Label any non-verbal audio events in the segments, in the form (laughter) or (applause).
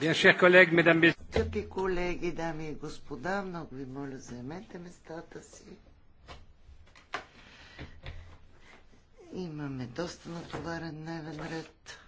Скъпи колеги, дами и господа, много ви моля, заемете местата си. Имаме доста натоварен дневен ред.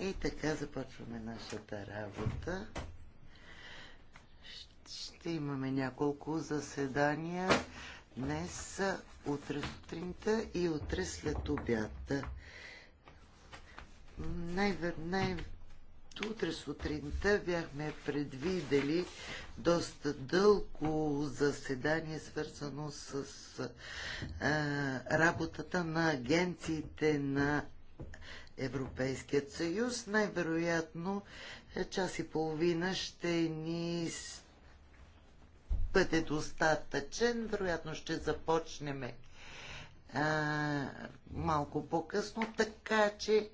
И така започваме нашата работа. Ще имаме няколко заседания днес, утре сутринта и утре след обята. Най-, най утре сутринта бяхме предвидели доста дълго заседание, свързано с а, работата на агенциите на Европейският съюз. Най-вероятно е, час и половина ще ни бъде достатъчен. Вероятно ще започнем а, малко по-късно, така че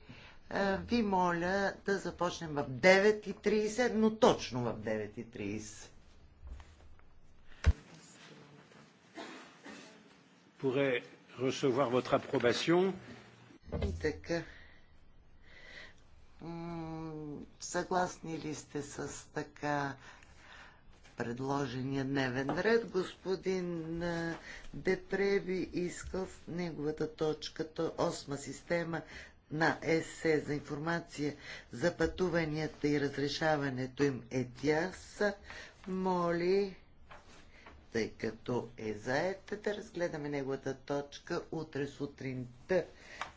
а, ви моля да започнем в 9.30, но точно в 9.30. pourrait recevoir votre approbation и така. Съгласни ли сте с така предложения дневен ред? Господин Депреви искал в неговата точка, Осма система на ЕС за информация за пътуванията и разрешаването им ЕТИАС, моли тъй като е заед, да разгледаме неговата точка утре сутринта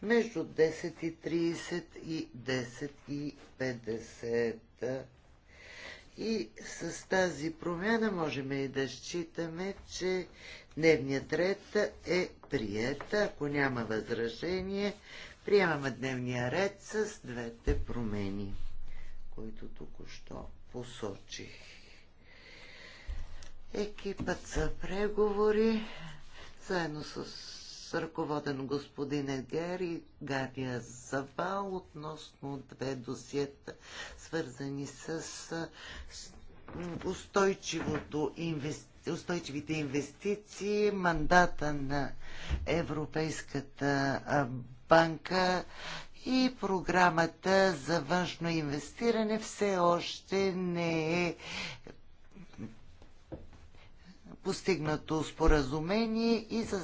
между 10.30 и 10.50. И с тази промяна можем и да считаме, че дневният ред е прият. Ако няма възражение, приемаме дневния ред с двете промени, които току-що посочих екипът за преговори, заедно с ръководен господин Гери Гария Завал относно две досиета, свързани с устойчивото инвестиция устойчивите инвестиции, мандата на Европейската банка и програмата за външно инвестиране все още не е постигнато споразумение и за,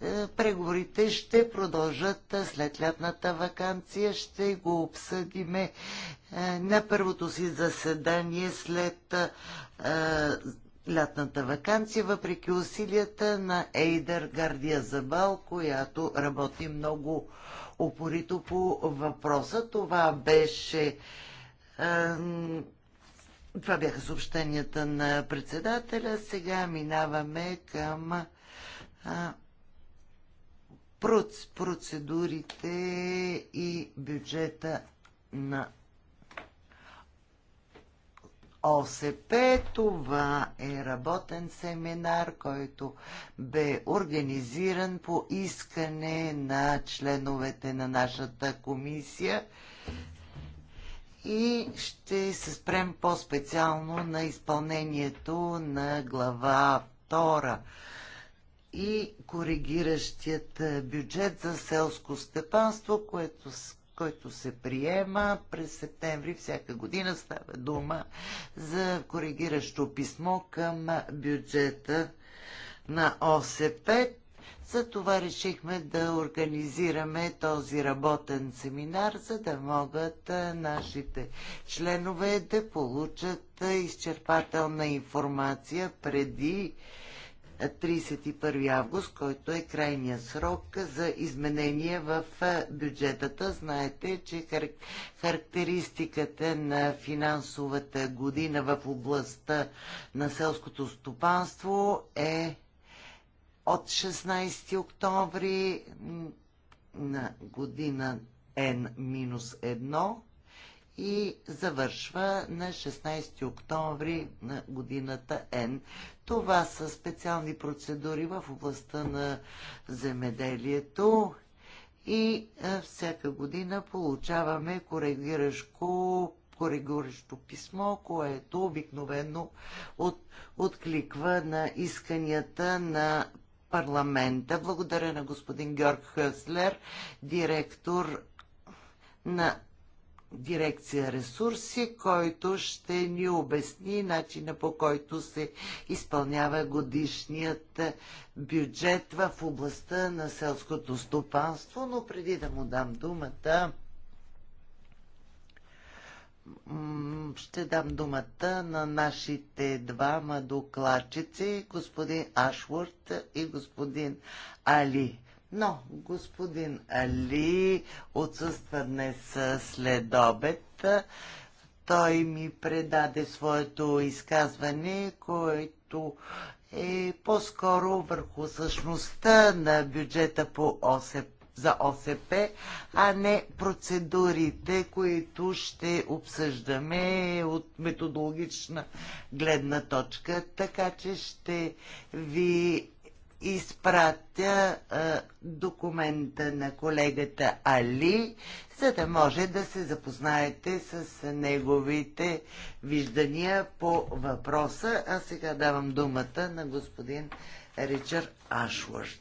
е, преговорите ще продължат след лятната вакансия. Ще го обсъдиме е, на първото си заседание след е, лятната вакансия, въпреки усилията на Ейдър Гардия Забал, която работи много упорито по въпроса. Това беше е, това бяха съобщенията на председателя. Сега минаваме към а, процедурите и бюджета на ОСП. Това е работен семинар, който бе организиран по искане на членовете на нашата комисия и ще се спрем по-специално на изпълнението на глава 2 и коригиращият бюджет за селско степанство, което, който се приема през септември всяка година. Става дума за коригиращо писмо към бюджета на ОСП. За това решихме да организираме този работен семинар, за да могат нашите членове да получат изчерпателна информация преди 31 август, който е крайния срок за изменение в бюджетата. Знаете, че характеристиката на финансовата година в областта на селското стопанство е от 16 октомври на година N-1 и завършва на 16 октомври на годината Н. Това са специални процедури в областта на земеделието и е, всяка година получаваме коригиращо коригиращо писмо, което обикновено от, откликва на исканията на парламента. Благодаря на господин Георг Хъслер, директор на дирекция ресурси, който ще ни обясни начина по който се изпълнява годишният бюджет в областта на селското стопанство. Но преди да му дам думата, ще дам думата на нашите двама докладчици, господин Ашворт и господин Али. Но господин Али отсъства днес след обед. Той ми предаде своето изказване, което е по-скоро върху същността на бюджета по ОСП за ОСП, а не процедурите, които ще обсъждаме от методологична гледна точка. Така че ще ви изпратя а, документа на колегата Али, за да може да се запознаете с неговите виждания по въпроса. А сега давам думата на господин Ричард Ашвард.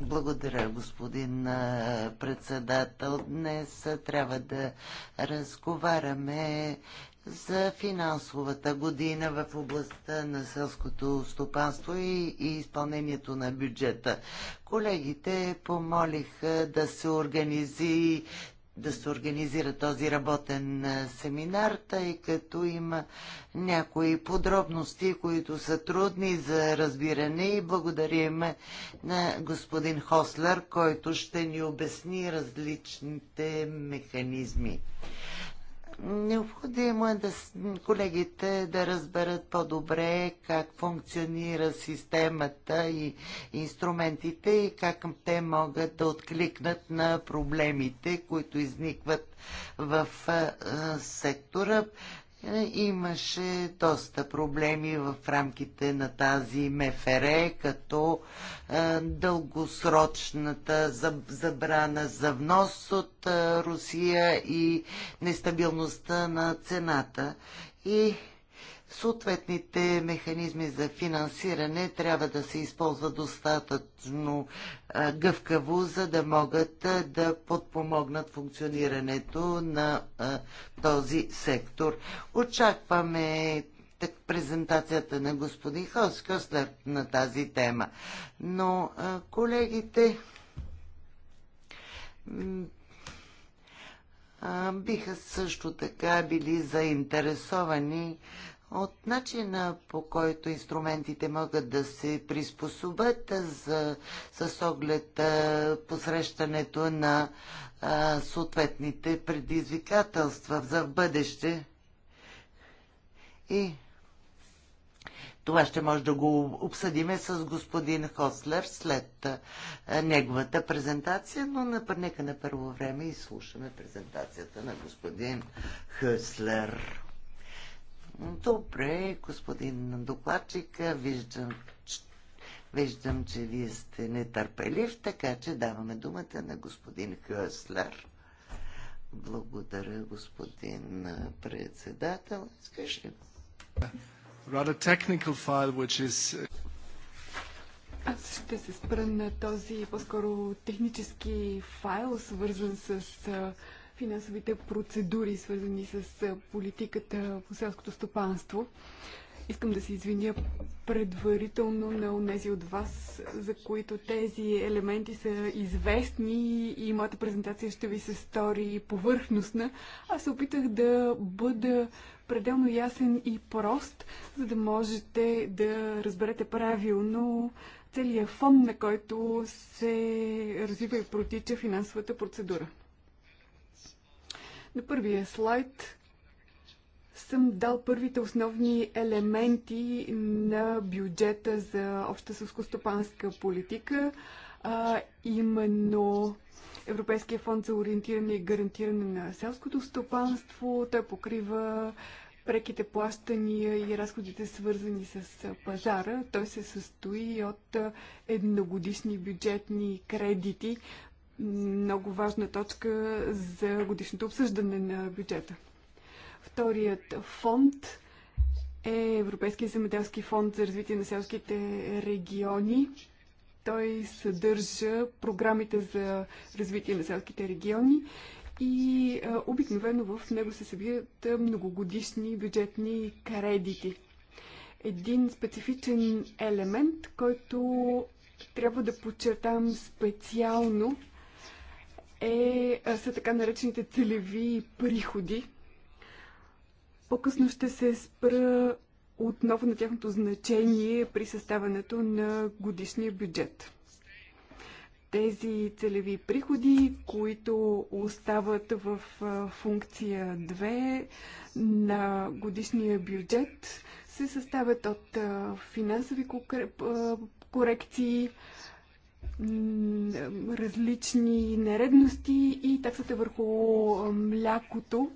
Благодаря, господин председател. Днес трябва да разговаряме за финансовата година в областта на селското стопанство и, и изпълнението на бюджета. Колегите помолиха да се организи, да се организира този работен семинар, тъй като има някои подробности, които са трудни за разбиране и благодарим на господин Хослер, който ще ни обясни различните механизми. Необходимо е да колегите да разберат по-добре как функционира системата и инструментите и как те могат да откликнат на проблемите, които изникват в сектора. Е, имаше доста проблеми в рамките на тази МФР, като е, дългосрочната забрана за внос от е, Русия и нестабилността на цената. И Съответните механизми за финансиране трябва да се използват достатъчно гъвкаво, за да могат да подпомогнат функционирането на този сектор. Очакваме презентацията на господин Хоскос на тази тема. Но колегите биха също така били заинтересовани от начина по който инструментите могат да се приспособят за, с оглед а, посрещането на а, съответните предизвикателства за бъдеще. И това ще може да го обсъдиме с господин Хослер след а, неговата презентация, но на, нека на първо време изслушаме презентацията на господин Хослер. Добре, господин докладчик, виждам, виждам, че вие сте нетърпелив, така че даваме думата на господин Хюслер. Благодаря, господин председател. Искаш ли? rather technical file, which is... Uh, Аз ще се спра на този по-скоро технически файл, свързан с uh, финансовите процедури, свързани с политиката по селското стопанство. Искам да се извиня предварително на онези от вас, за които тези елементи са известни и моята презентация ще ви се стори повърхностна. Аз се опитах да бъда пределно ясен и прост, за да можете да разберете правилно целият фон, на който се развива и протича финансовата процедура. На първия слайд съм дал първите основни елементи на бюджета за обща сълскостопанска политика, а именно Европейския фонд за ориентиране и гарантиране на селското стопанство. Той покрива преките плащания и разходите свързани с пазара. Той се състои от едногодишни бюджетни кредити много важна точка за годишното обсъждане на бюджета. Вторият фонд е Европейския земеделски фонд за развитие на селските региони. Той съдържа програмите за развитие на селските региони и а, обикновено в него се събират многогодишни бюджетни кредити. Един специфичен елемент, който трябва да подчертам специално е, са така наречените целеви приходи. По-късно ще се спра отново на тяхното значение при съставането на годишния бюджет. Тези целеви приходи, които остават в функция 2 на годишния бюджет, се съставят от финансови корекции, различни нередности и таксата върху млякото,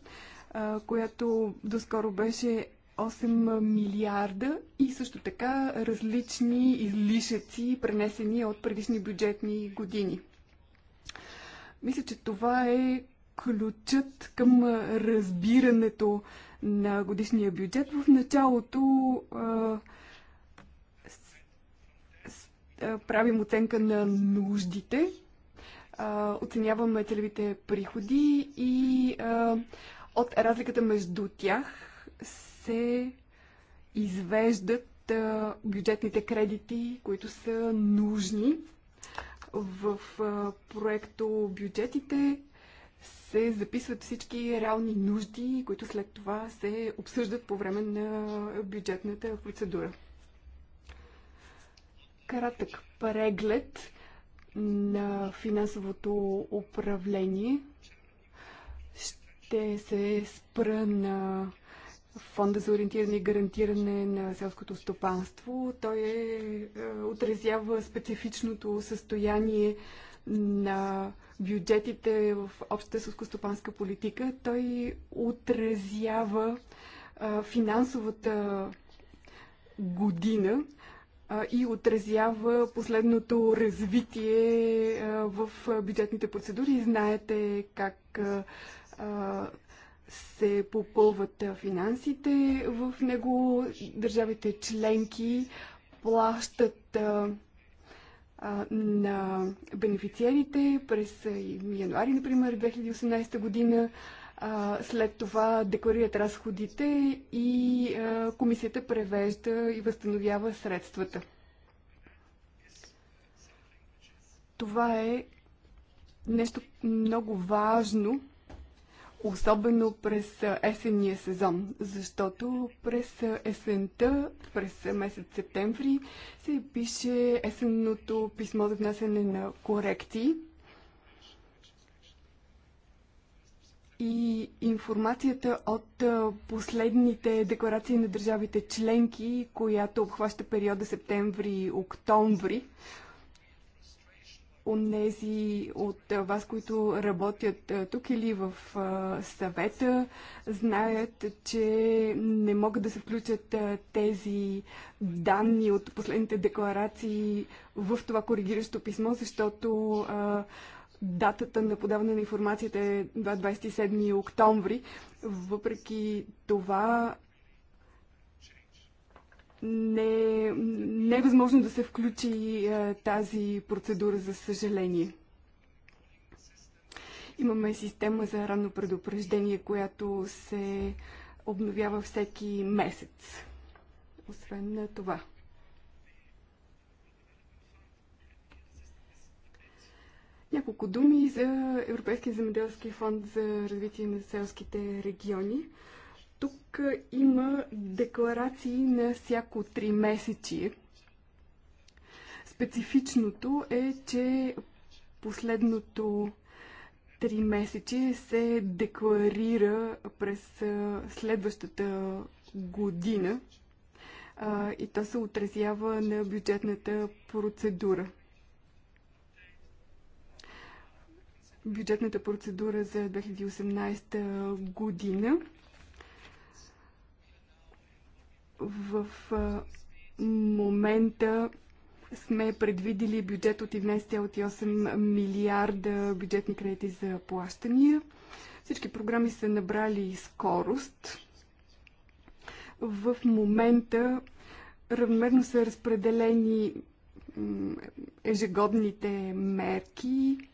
която доскоро беше 8 милиарда и също така различни излишъци, пренесени от предишни бюджетни години. Мисля, че това е ключът към разбирането на годишния бюджет. В началото правим оценка на нуждите, оценяваме целевите приходи и от разликата между тях се извеждат бюджетните кредити, които са нужни. В проекто бюджетите се записват всички реални нужди, които след това се обсъждат по време на бюджетната процедура кратък преглед на финансовото управление. Ще се спра на Фонда за ориентиране и гарантиране на селското стопанство. Той е, е отразява специфичното състояние на бюджетите в общата селскостопанска политика. Той отразява финансовата година и отразява последното развитие в бюджетните процедури. Знаете как се попълват финансите в него. Държавите членки плащат на бенефициерите през януари, например, 2018 година след това декларират разходите и комисията превежда и възстановява средствата. Това е нещо много важно, особено през есенния сезон, защото през есента, през месец септември, се пише есенното писмо за внасяне на корекции – и информацията от последните декларации на държавите членки, която обхваща периода септември-октомври. Онези от вас, които работят тук или в съвета, знаят, че не могат да се включат тези данни от последните декларации в това коригиращо писмо, защото датата на подаване на информацията е 27 октомври. Въпреки това не, не е възможно да се включи а, е, тази процедура, за съжаление. Имаме система за ранно предупреждение, която се обновява всеки месец. Освен на това. Няколко думи за Европейския земеделски фонд за развитие на селските региони. Тук има декларации на всяко три месечи. Специфичното е, че последното три месечи се декларира през следващата година и то се отразява на бюджетната процедура. бюджетната процедура за 2018 година. В момента сме предвидили бюджет от 11,8 милиарда бюджетни кредити за плащания. Всички програми са набрали скорост. В момента равномерно са разпределени ежегодните мерки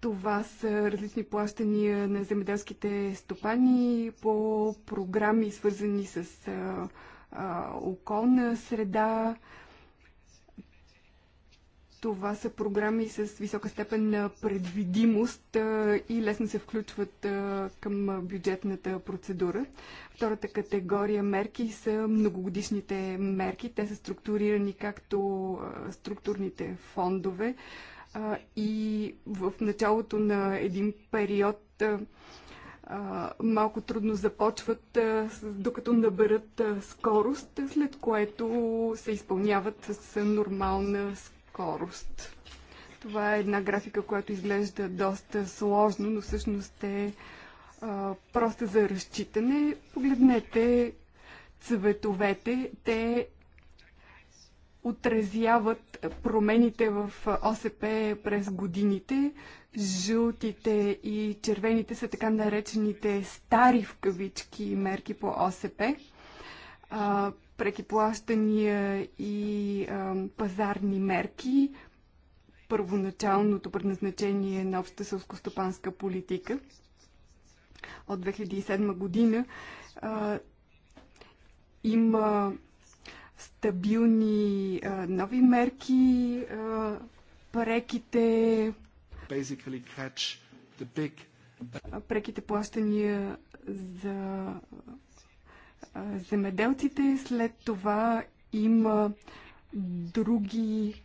това са различни плащания на земеделските стопани по програми, свързани с а, а, околна среда. Това са програми с висока степен на предвидимост а, и лесно се включват а, към бюджетната процедура. Втората категория мерки са многогодишните мерки. Те са структурирани както а, структурните фондове, а, а, и в началото на един период а, а, малко трудно започват, а, докато наберат а, скорост, след което се изпълняват с нормална скорост. Това е една графика, която изглежда доста сложно, но всъщност е а, просто за разчитане. Погледнете цветовете. Те отразяват промените в ОСП през годините. Жълтите и червените са така наречените стари в кавички мерки по ОСП. преки плащания и пазарни мерки, първоначалното предназначение на общата селскостопанска политика от 2007 година има стабилни а, нови мерки, а, преките big... преките плащания за а, земеделците. След това има други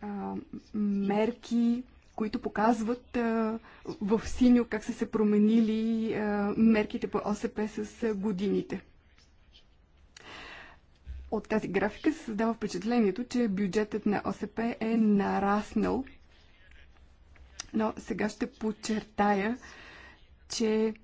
а, мерки, които показват а, в синьо как са се променили а, мерките по ОСП с годините. От тази графика се създава впечатлението, че бюджетът на ОСП е нараснал, но сега ще подчертая, че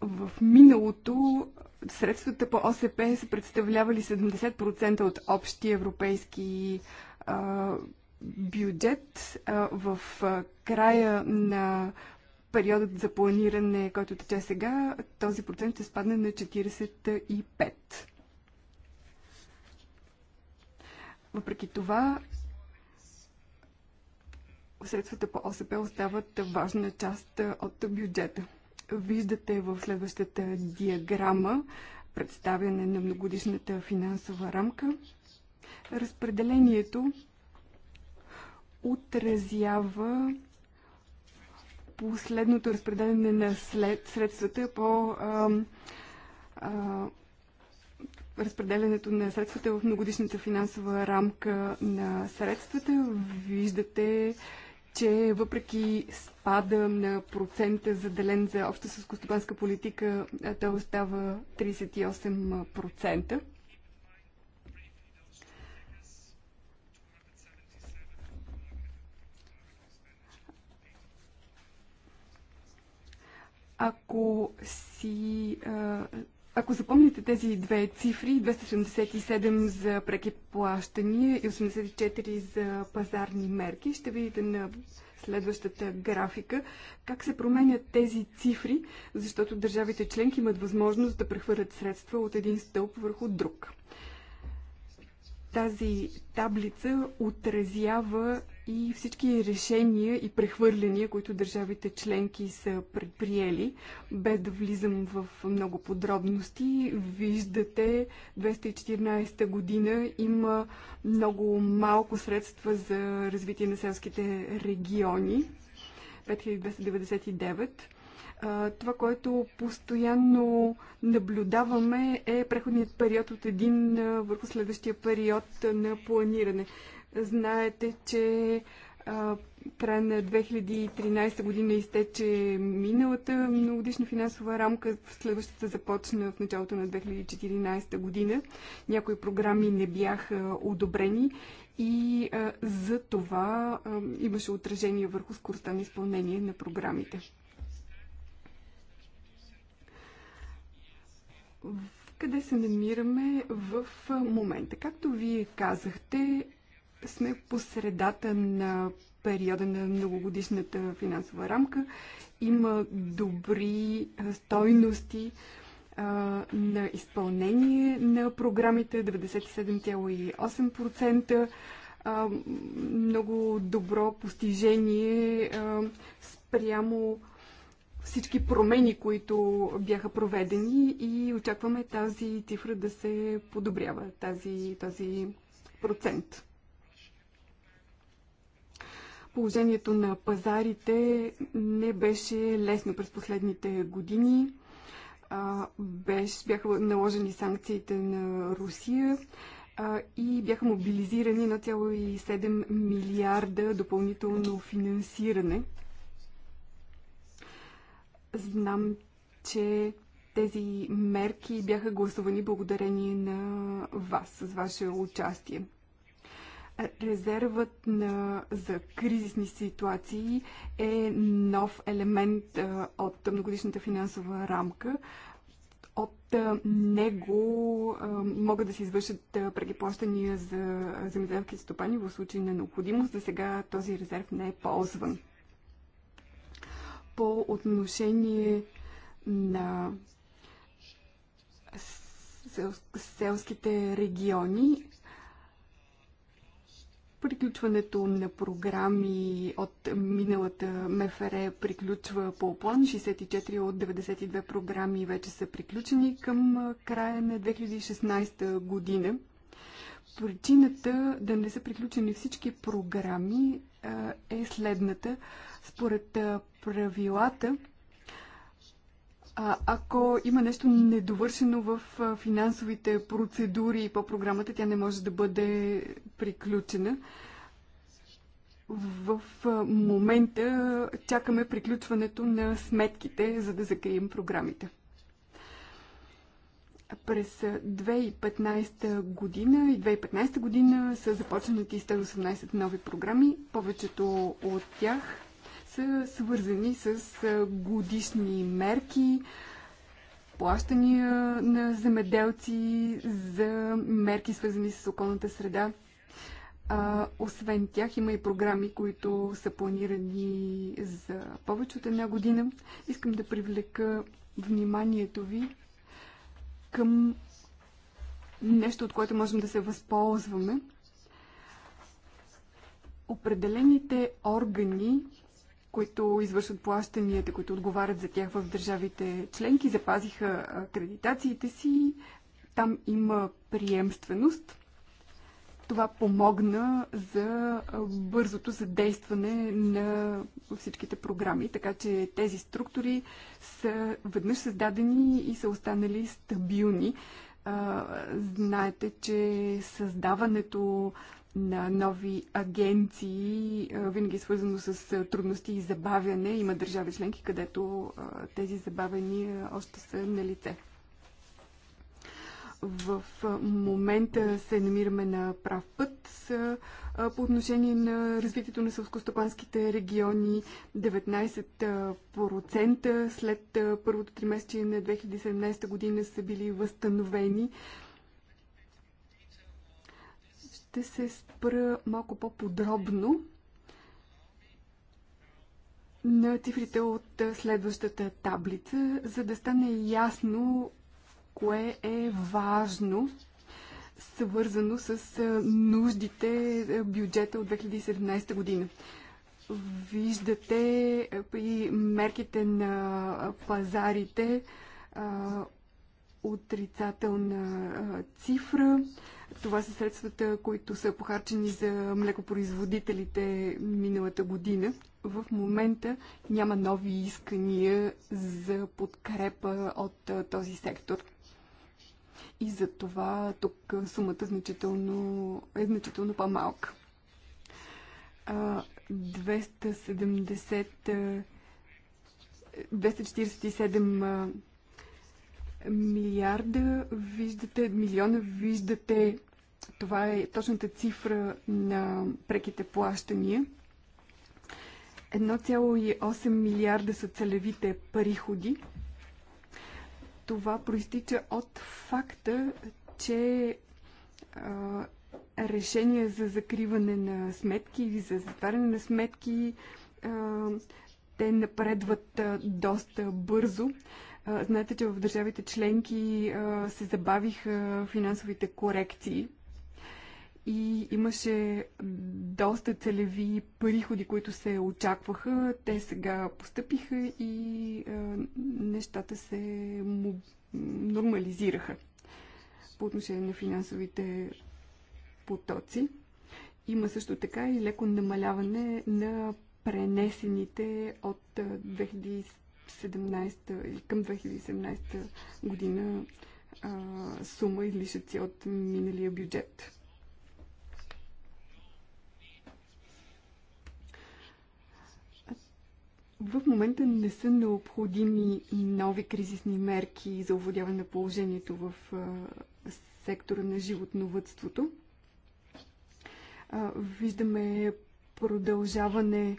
в миналото средствата по ОСП са представлявали 70% от общия европейски а, бюджет. А, в края на периодът за планиране, който тече сега, този процент ще спадне на 45. Въпреки това, средствата по ОСП остават важна част от бюджета. Виждате в следващата диаграма представяне на многодишната финансова рамка. Разпределението отразява последното разпределение на след, средствата по а, а, разпределянето на средствата в многодишната финансова рамка на средствата. Виждате, че въпреки спада на процента заделен за обща съскостопанска политика, той остава 38%. Ако си ако запомните тези две цифри, 277 за преки плащания и 84 за пазарни мерки, ще видите на следващата графика как се променят тези цифри, защото държавите членки имат възможност да прехвърлят средства от един стълб върху друг. Тази таблица отразява и всички решения и прехвърляния, които държавите членки са предприели. Без да влизам в много подробности, виждате 214 година има много малко средства за развитие на селските региони. 5299. Това, което постоянно наблюдаваме е преходният период от един върху следващия период на планиране. Знаете, че края на 2013 година изтече миналата многодишна финансова рамка. Следващата започна в началото на 2014 година. Някои програми не бяха одобрени и а, за това а, имаше отражение върху скоростта на изпълнение на програмите. Къде се намираме в момента? Както вие казахте, сме по средата на периода на многогодишната финансова рамка. Има добри стойности на изпълнение на програмите 97,8%. много добро постижение спрямо всички промени, които бяха проведени и очакваме тази цифра да се подобрява, тази, този процент. Положението на пазарите не беше лесно през последните години. Беше, бяха наложени санкциите на Русия и бяха мобилизирани 7 милиарда допълнително финансиране. Знам, че тези мерки бяха гласувани благодарение на вас, с ваше участие. Резервът на, за кризисни ситуации е нов елемент а, от многодишната финансова рамка. От а, него а, могат да се извършат прегиплащания за земеделски стопани в случай на необходимост. За сега този резерв не е ползван. По отношение на селските региони Приключването на програми от миналата МФР приключва по план. 64 от 92 програми вече са приключени към края на 2016 година. Причината да не са приключени всички програми е следната. Според правилата, а, ако има нещо недовършено в финансовите процедури по програмата, тя не може да бъде приключена. В момента чакаме приключването на сметките, за да закрием програмите. През 2015 година и 2015 година са започнати 118 нови програми. Повечето от тях са свързани с годишни мерки, плащания на земеделци за мерки, свързани с околната среда. А, освен тях има и програми, които са планирани за повече от една година. Искам да привлека вниманието ви към нещо, от което можем да се възползваме. Определените органи които извършват плащанията, които отговарят за тях в държавите членки, запазиха акредитациите си. Там има приемственост. Това помогна за бързото задействане на всичките програми, така че тези структури са веднъж създадени и са останали стабилни. Знаете, че създаването на нови агенции винаги е свързано с трудности и забавяне. Има държави членки, където тези забавени още са на лице. В момента се намираме на прав път по отношение на развитието на сълскостопанските региони. 19% след първото тримесечие на 2017 година са били възстановени ще се спра малко по-подробно на цифрите от следващата таблица, за да стане ясно кое е важно, свързано с нуждите бюджета от 2017 година. Виждате при мерките на пазарите отрицателна цифра. Това са средствата, които са похарчени за млекопроизводителите миналата година. В момента няма нови искания за подкрепа от този сектор. И за това тук сумата значително, е значително по-малка. 270 247 милиарда, виждате, милиона, виждате, това е точната цифра на преките плащания. 1,8 милиарда са целевите приходи. Това проистича от факта, че е, решения за закриване на сметки или за затваряне на сметки е, те напредват доста бързо. Знаете, че в държавите членки се забавиха финансовите корекции и имаше доста целеви приходи, които се очакваха. Те сега постъпиха и нещата се нормализираха по отношение на финансовите потоци. Има също така и леко намаляване на пренесените от 2007 2017 към 2017 година а, сума излишъци от миналия бюджет. В момента не са необходими нови кризисни мерки за овладяване на положението в сектора на животновътството. Виждаме продължаване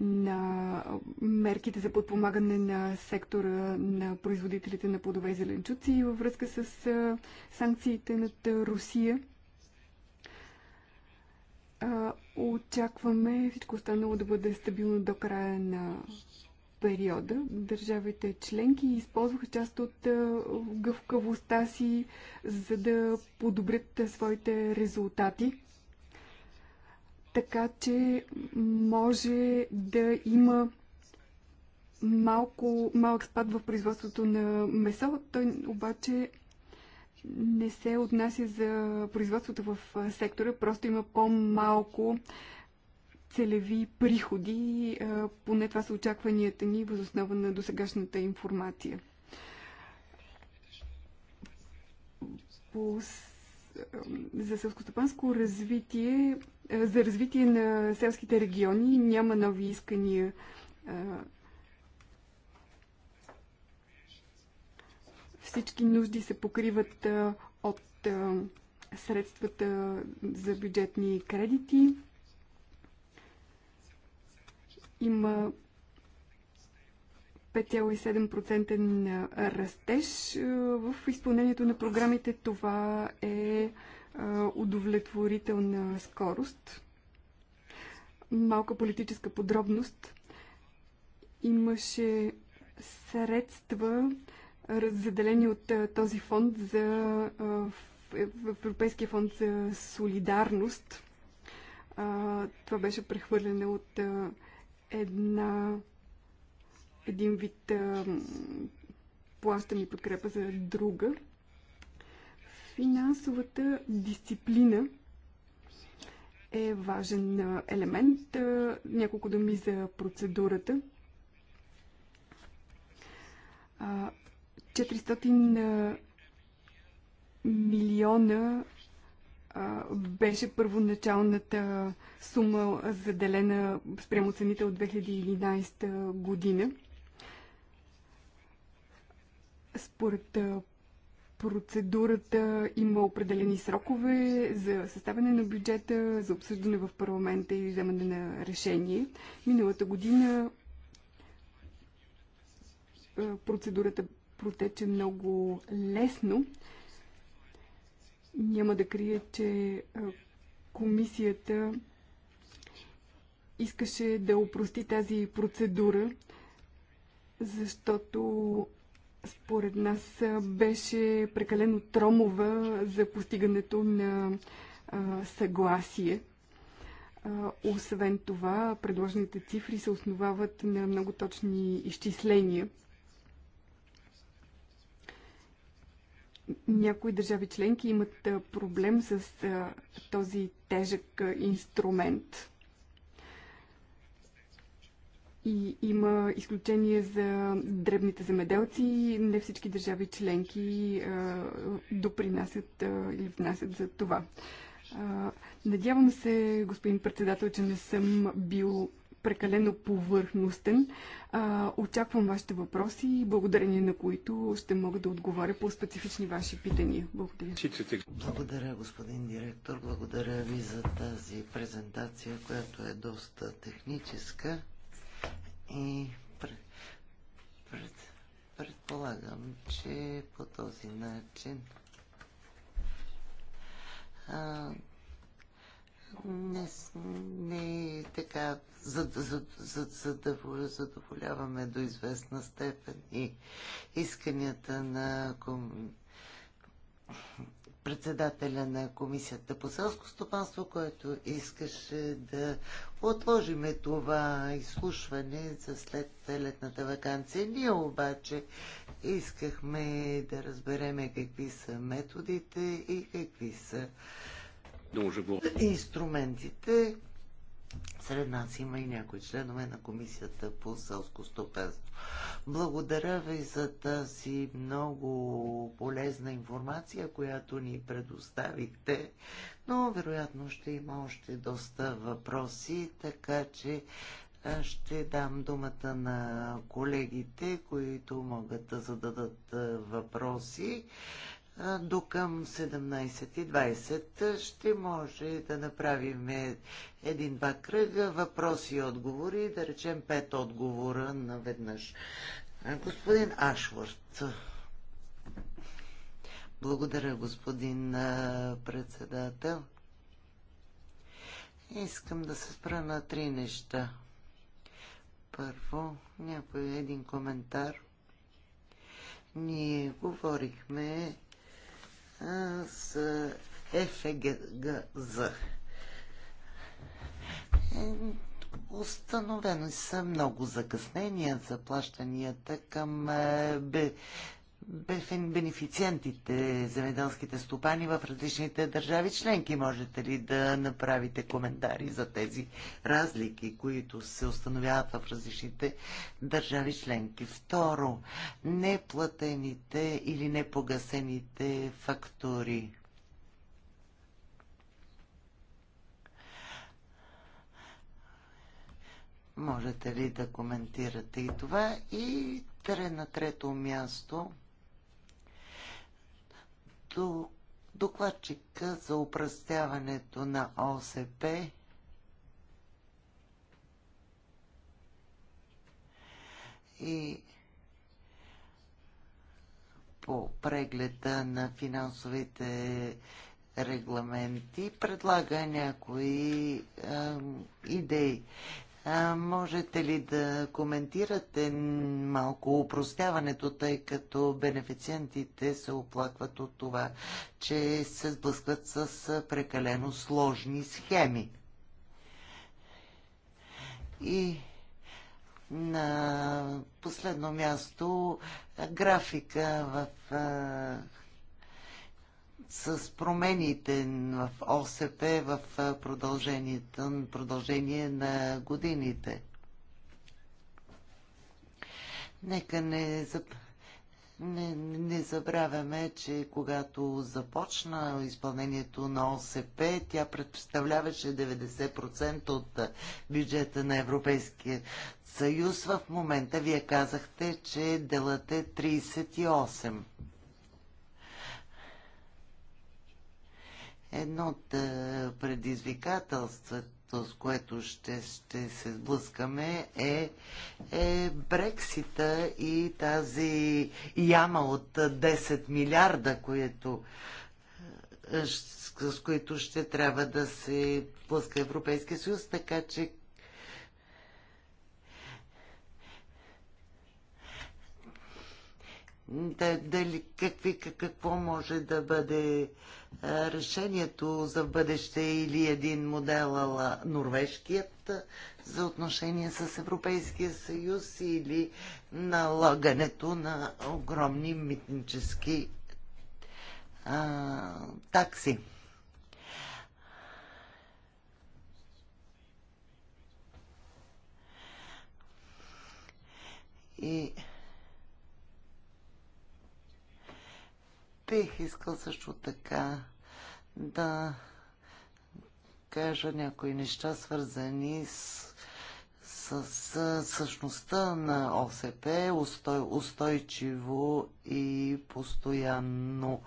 на мерките за подпомагане на сектора на производителите на плодове и зеленчуци във връзка с санкциите над Русия. Очакваме всичко останало да бъде стабилно до края на периода. Държавите членки използваха част от гъвкавостта си, за да подобрят своите резултати така че може да има малко, малък спад в производството на месо. Той обаче не се отнася за производството в сектора, просто има по-малко целеви приходи, поне това са очакванията ни възоснова на досегашната информация. По, за селскостопанско развитие е, за развитие на селските региони няма нови искания. Е, всички нужди се покриват е, от средствата за бюджетни кредити. Има 5,7% растеж в изпълнението на програмите. Това е удовлетворителна скорост. Малка политическа подробност. Имаше средства, заделени от този фонд за е, Европейския фонд за солидарност. Това беше прехвърлено от една един вид плащане и подкрепа за друга. Финансовата дисциплина е важен елемент. Няколко думи за процедурата. 400 милиона беше първоначалната сума заделена спрямо цените от 2011 година. Според Процедурата има определени срокове за съставяне на бюджета, за обсъждане в парламента и вземане на решение. Миналата година процедурата протече много лесно. Няма да крия, че комисията искаше да опрости тази процедура, защото според нас беше прекалено тромова за постигането на а, съгласие. А, освен това, предложените цифри се основават на много точни изчисления. Някои държави членки имат проблем с а, този тежък инструмент. И има изключение за дребните земеделци. Не всички държави членки допринасят или внасят за това. надявам се, господин председател, че не съм бил прекалено повърхностен. очаквам вашите въпроси, благодарение на които ще мога да отговоря по специфични ваши питания. Благодаря. Благодаря, господин директор. Благодаря ви за тази презентация, която е доста техническа. И пред, предполагам, че по този начин а, не, не е така задоволяваме до известна степен и исканията на председателя на Комисията по селско стопанство, който искаше да отложиме това изслушване за след летната вакансия. Ние обаче искахме да разбереме какви са методите и какви са инструментите, сред нас има и някои членове на Комисията по селско стопенство. Благодаря ви за тази много полезна информация, която ни предоставихте, но вероятно ще има още доста въпроси, така че ще дам думата на колегите, които могат да зададат въпроси до към 17.20 ще може да направим един-два кръга, въпроси и отговори, да речем пет отговора наведнъж. Господин Ашвард. Благодаря, господин председател. Искам да се спра на три неща. Първо, някой един коментар. Ние говорихме с ФГЗ. Е, Установено са много закъснения за плащанията към е, бенефициентите, земеделските стопани в различните държави членки. Можете ли да направите коментари за тези разлики, които се установяват в различните държави членки? Второ, неплатените или непогасените фактури. Можете ли да коментирате и това? И на трето място като докладчика за упростяването на ОСП и по прегледа на финансовите регламенти предлага някои е, идеи. А, можете ли да коментирате малко упростяването, тъй като бенефициентите се оплакват от това, че се сблъскват с прекалено сложни схеми? И на последно място графика в с промените в ОСП в продължение на годините. Нека не, заб... не, не забравяме, че когато започна изпълнението на ОСП, тя представляваше 90% от бюджета на Европейския съюз. В момента вие казахте, че делът е 38%. Едно от е, предизвикателството, с което ще, ще се сблъскаме, е, е Брексита и тази яма от 10 милиарда, което е, с които ще трябва да се плъска Европейския съюз, така че да, дали, какви, какво може да бъде решението за бъдеще или един модел ала норвежкият за отношение с Европейския съюз или налагането на огромни митнически а, такси. И Бих искал също така да кажа някои неща, свързани с, с, с същността на ОСП, устой, устойчиво и постоянно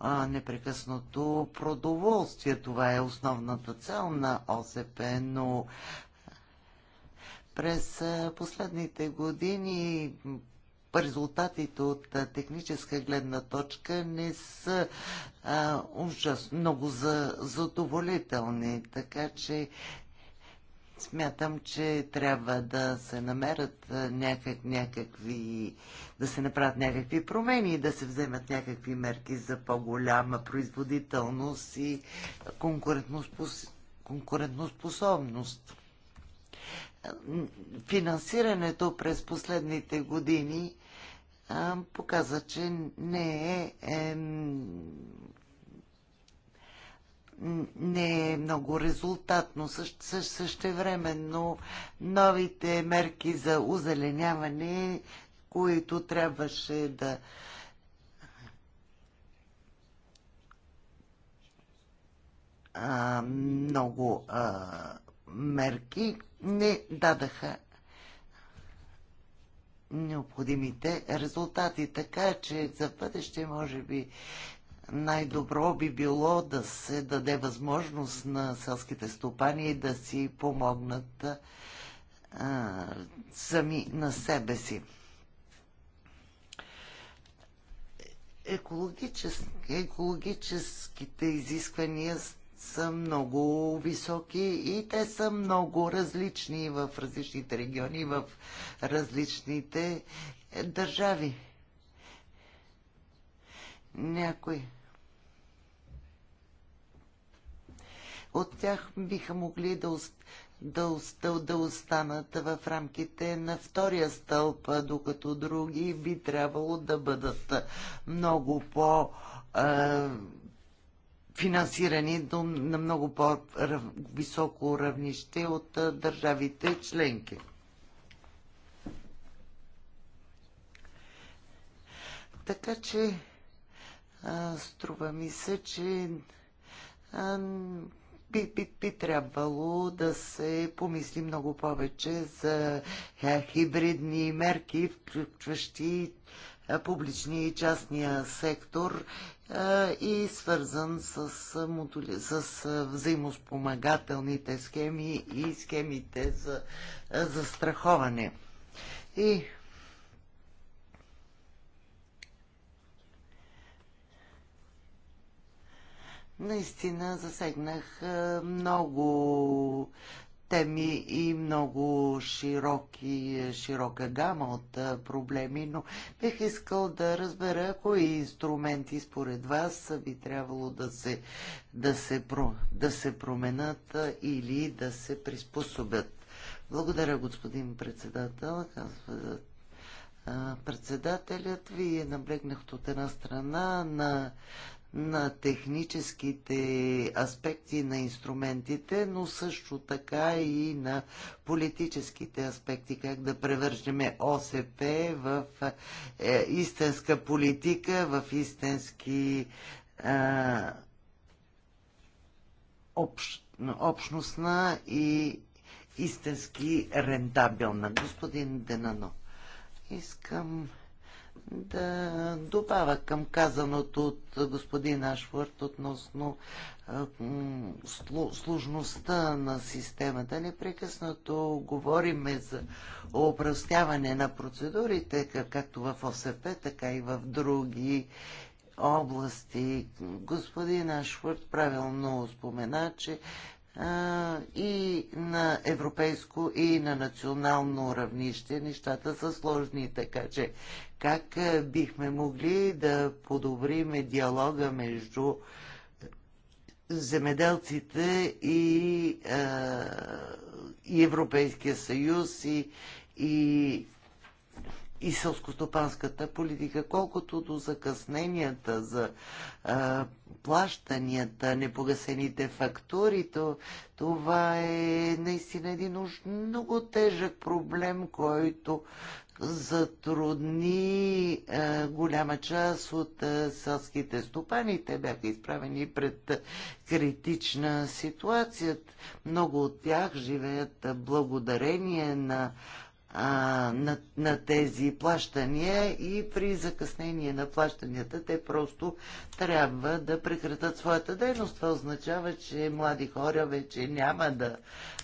а, непрекъснато продоволствие. Това е основната цел на ОСП, но през последните години резултатите от техническа гледна точка не са а, ужас, много за, задоволителни, така че смятам, че трябва да се намерят някак, някакви, да се направят някакви промени и да се вземат някакви мерки за по-голяма производителност и конкурентоспос... конкурентоспособност финансирането през последните години а, показа, че не е, е не е много резултатно. Също, също, същевременно новите мерки за озеленяване, които трябваше да а, много а, мерки не дадаха необходимите резултати. Така че за бъдеще, може би, най-добро би било да се даде възможност на селските стопани да си помогнат а, сами на себе си. Екологичес... екологическите изисквания са много високи и те са много различни в различните региони, в различните е, държави. Някои от тях биха могли да, да, да останат в рамките на втория стълб, докато други би трябвало да бъдат много по- финансирани до, на много по-високо равнище от държавите членки. Така че а, струва ми се, че а, би, би, би трябвало да се помисли много повече за хибридни мерки, включващи публичния и частния сектор и свързан с, модули... с взаимоспомагателните схеми и схемите за застраховане. И наистина засегнах много теми и много широки, широка гама от проблеми, но бих искал да разбера кои инструменти според вас би трябвало да се, да се, да се променят или да се приспособят. Благодаря, господин председател. председателят. Вие наблегнахте от една страна на на техническите аспекти на инструментите, но също така и на политическите аспекти, как да превържем ОСП в е, истинска политика, в истински е, общ, общностна и истински рентабилна. Господин Денано, искам да добавя към казаното от господин Ашвард относно сложността на системата. Непрекъснато говориме за упростяване на процедурите, както в ОСП, така и в други области. Господин Ашвард правилно спомена, че и на европейско и на национално равнище нещата са сложни, така че как бихме могли да подобриме диалога между земеделците и, и Европейския съюз и, и и селскостопанската политика. Колкото до закъсненията за а, плащанията, непогасените фактури, то, това е наистина един уж много тежък проблем, който затрудни а, голяма част от а, селските стопани. Те бяха изправени пред критична ситуация. Много от тях живеят благодарение на а, на, на тези плащания и при закъснение на плащанията те просто трябва да прекратат своята дейност. Това означава, че млади хора вече няма да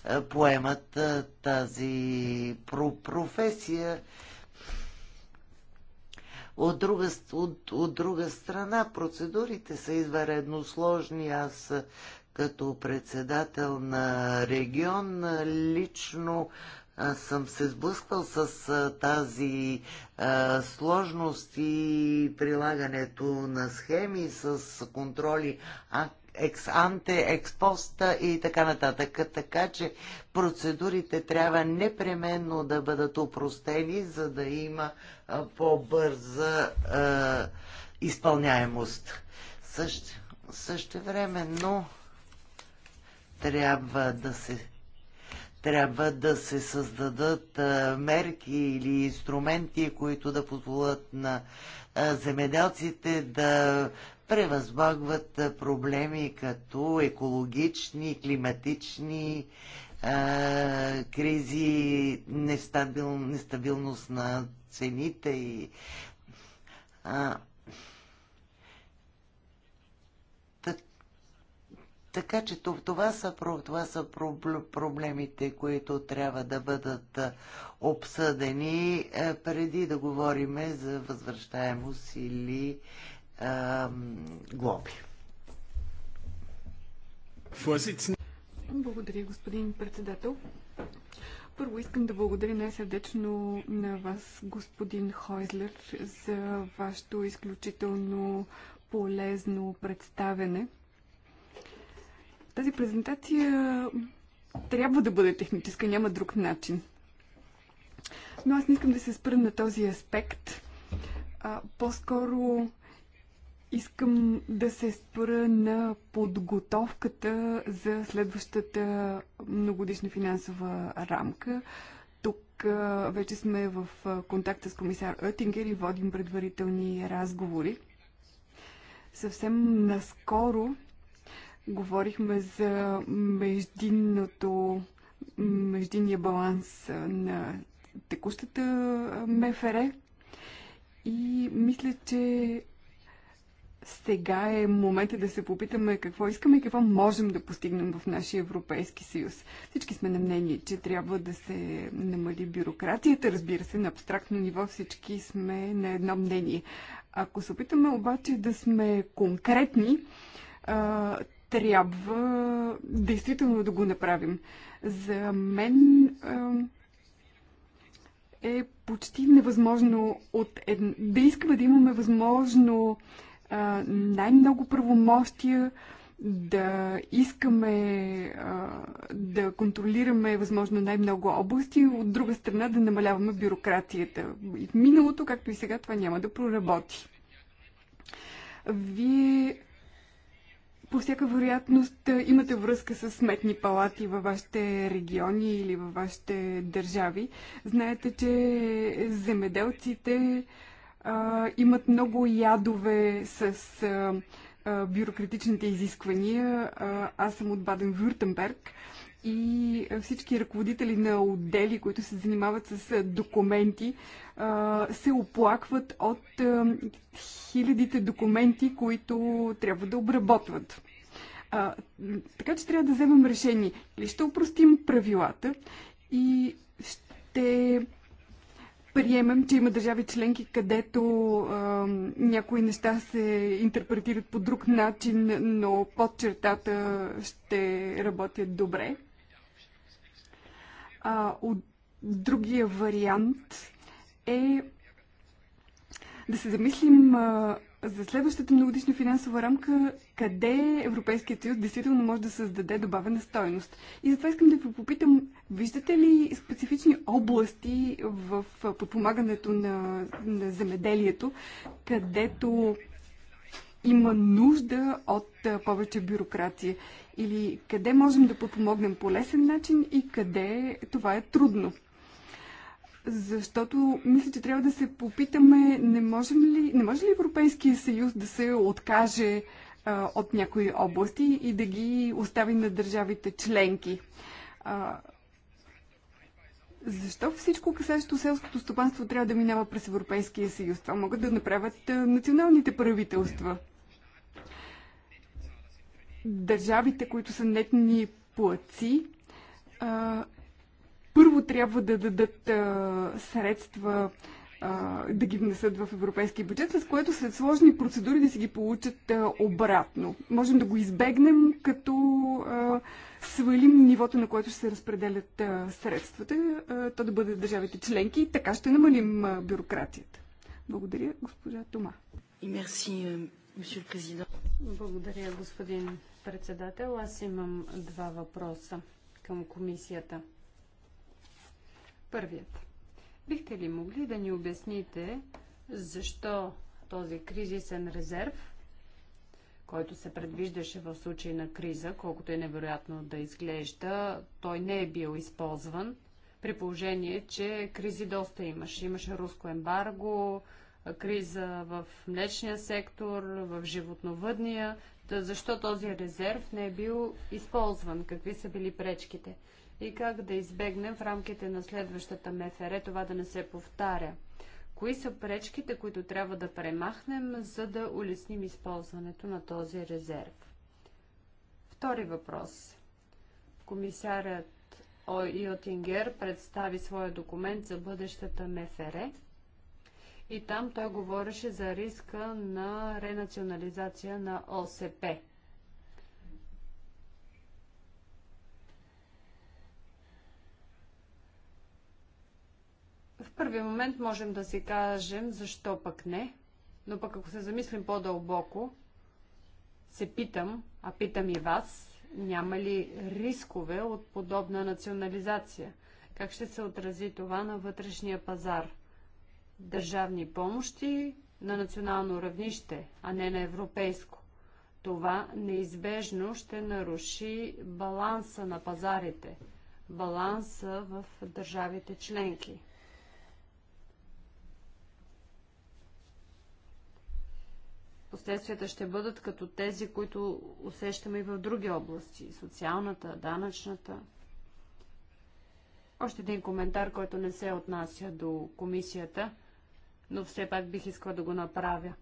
а, поемат а, тази про- професия. От друга, от, от друга страна, процедурите са изваредно сложни. Аз като председател на регион лично аз съм се сблъсквал с а, тази а, сложност и прилагането на схеми с контроли а, екс-анте, експоста и така нататък. Така че процедурите трябва непременно да бъдат упростени, за да има по-бърза изпълняемост. Също, но трябва да се трябва да се създадат мерки или инструменти, които да позволят на земеделците да превъзбагват проблеми като екологични, климатични кризи, нестабил, нестабилност на цените и а, Така че това са, това са проблемите, които трябва да бъдат обсъдени е, преди да говорим за възвръщаемост или а, глоби. Благодаря, господин председател. Първо искам да благодаря най-сърдечно на вас, господин Хойзлер, за вашето изключително полезно представене. Тази презентация трябва да бъде техническа, няма друг начин. Но аз не искам да се спра на този аспект. по-скоро искам да се спра на подготовката за следващата многодишна финансова рамка. Тук вече сме в контакт с комисар Оттингер и водим предварителни разговори. Съвсем наскоро Говорихме за междинното, междинния баланс на текущата МФР и мисля, че сега е момента да се попитаме какво искаме и какво можем да постигнем в нашия Европейски съюз. Всички сме на мнение, че трябва да се намали бюрокрацията, разбира се, на абстрактно ниво всички сме на едно мнение. Ако се опитаме обаче да сме конкретни, трябва действително да го направим. За мен е, е почти невъзможно от ед... да искаме да имаме възможно най-много правомощия, да искаме а, да контролираме възможно най-много области, от друга страна да намаляваме бюрокрацията. И в миналото, както и сега, това няма да проработи. Вие по всяка вероятност имате връзка с сметни палати във вашите региони или във вашите държави. Знаете, че земеделците а, имат много ядове с а, а, бюрократичните изисквания. А, аз съм от Баден-Вюртенберг. А, и всички ръководители на отдели, които се занимават с документи, се оплакват от хилядите документи, които трябва да обработват. така че трябва да вземем решение. Или ще упростим правилата и ще приемем, че има държави членки, където а, някои неща се интерпретират по друг начин, но под чертата ще работят добре. А, от другия вариант е да се замислим а, за следващата многодишна финансова рамка, къде Европейският съюз действително може да създаде добавена стойност. И затова искам да ви попитам, виждате ли специфични области в подпомагането на, на земеделието, където има нужда от повече бюрокрация? Или къде можем да подпомогнем по лесен начин и къде това е трудно? Защото мисля, че трябва да се попитаме, не, можем ли, не може ли Европейския съюз да се откаже а, от някои области и да ги остави на държавите членки? А, защо всичко касащо селското стопанство трябва да минава през Европейския съюз? Това могат да направят е, националните правителства. Държавите, които са нетни плаци, първо трябва да дадат средства да ги внесат в европейския бюджет, с което след сложни процедури да си ги получат обратно. Можем да го избегнем, като свалим нивото, на което ще се разпределят средствата, то да бъде държавите членки и така ще намалим бюрократията. бюрокрацията. Благодаря, госпожа Тома. И мерси, месье президент. Благодаря, господин председател. Аз имам два въпроса към комисията. Първият. Бихте ли могли да ни обясните защо този кризисен резерв, който се предвиждаше в случай на криза, колкото е невероятно да изглежда, той не е бил използван, при положение, че кризи доста имаше. Имаше руско ембарго, криза в млечния сектор, в животновъдния. защо този резерв не е бил използван? Какви са били пречките? и как да избегнем в рамките на следващата МФР това да не се повтаря. Кои са пречките, които трябва да премахнем, за да улесним използването на този резерв? Втори въпрос. Комисарят Йотингер представи своя документ за бъдещата МФР и там той говореше за риска на ренационализация на ОСП. първи момент можем да си кажем защо пък не, но пък ако се замислим по-дълбоко, се питам, а питам и вас, няма ли рискове от подобна национализация? Как ще се отрази това на вътрешния пазар? Държавни помощи на национално равнище, а не на европейско. Това неизбежно ще наруши баланса на пазарите, баланса в държавите членки. последствията ще бъдат като тези, които усещаме и в други области социалната, данъчната. Още един коментар, който не се отнася до комисията, но все пак бих искала да го направя.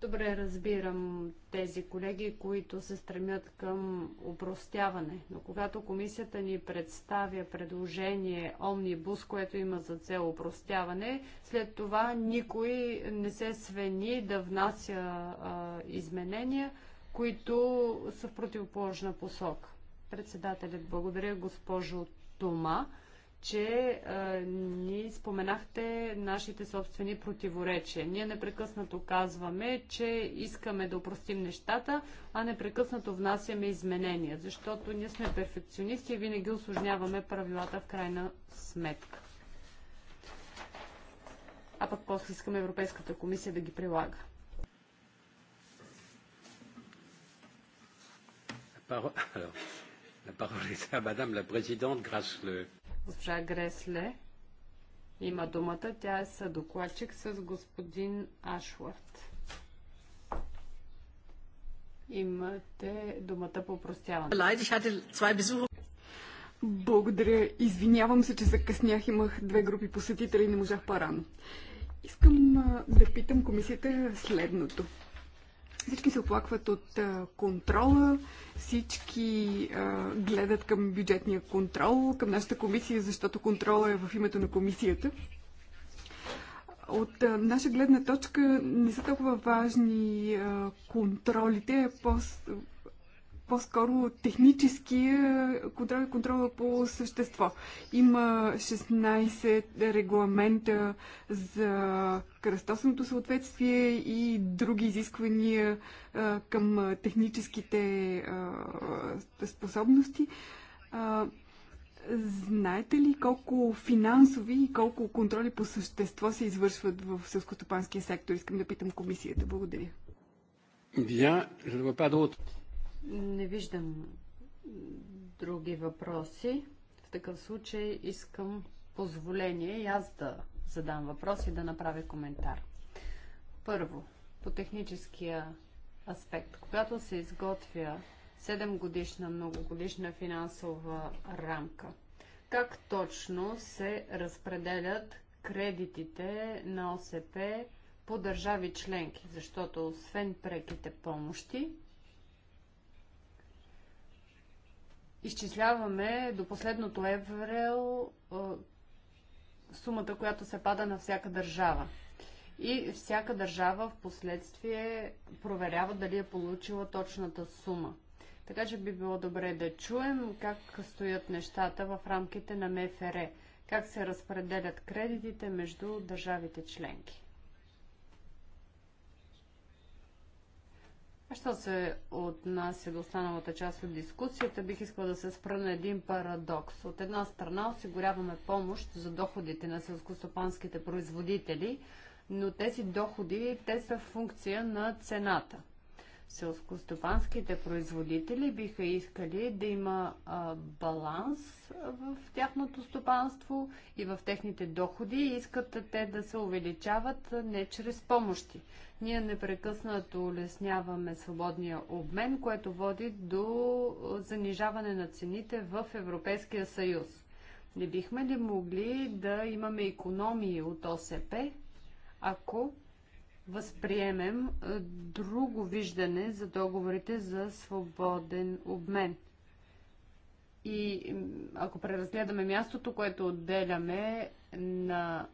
Добре разбирам тези колеги, които се стремят към упростяване, но когато комисията ни представя предложение Омнибус, което има за цел упростяване, след това никой не се свени да внася а, изменения, които са в противоположна посока. Председателят, благодаря госпожо Тома че а, ни споменахте нашите собствени противоречия. Ние непрекъснато казваме, че искаме да упростим нещата, а непрекъснато внасяме изменения, защото ние сме перфекционисти и винаги осложняваме правилата в крайна сметка. А пък после искаме Европейската комисия да ги прилага. La parole est à Madame la Présidente le... Госпожа Гресле има думата. Тя е съдокладчик с господин Ашвард. Имате думата по простяване. Благодаря. Извинявам се, че закъснях. Имах две групи посетители и не можах по-рано. Искам да питам комисията следното. Всички се оплакват от контрола, всички гледат към бюджетния контрол, към нашата комисия, защото контрола е в името на комисията. От наша гледна точка не са толкова важни контролите, а по-скоро техническия е, контрол и контрола по същество. Има 16 регламента за кръстосното съответствие и други изисквания е, към техническите е, способности. знаете ли колко финансови и колко контроли по същество се извършват в селскостопанския сектор? Искам да питам комисията. Благодаря. Bien, je ne vois pas d'autres. Не виждам други въпроси. В такъв случай искам позволение и аз да задам въпрос и да направя коментар. Първо, по техническия аспект. Когато се изготвя 7 годишна, многогодишна финансова рамка, как точно се разпределят кредитите на ОСП по държави членки? Защото освен преките помощи, изчисляваме до последното еврел сумата, която се пада на всяка държава. И всяка държава в последствие проверява дали е получила точната сума. Така че би било добре да чуем как стоят нещата в рамките на МФР, как се разпределят кредитите между държавите членки. А що се отнася до останалата част от дискусията, бих искала да се спра на един парадокс. От една страна осигуряваме помощ за доходите на селскостопанските производители, но тези доходи, те са функция на цената – Селскостопанските производители биха искали да има а, баланс в тяхното стопанство и в техните доходи и искат те да се увеличават не чрез помощи. Ние непрекъснато улесняваме свободния обмен, което води до занижаване на цените в Европейския съюз. Не бихме ли могли да имаме економии от ОСП, ако възприемем е, друго виждане за договорите за свободен обмен. И ако преразгледаме мястото, което отделяме на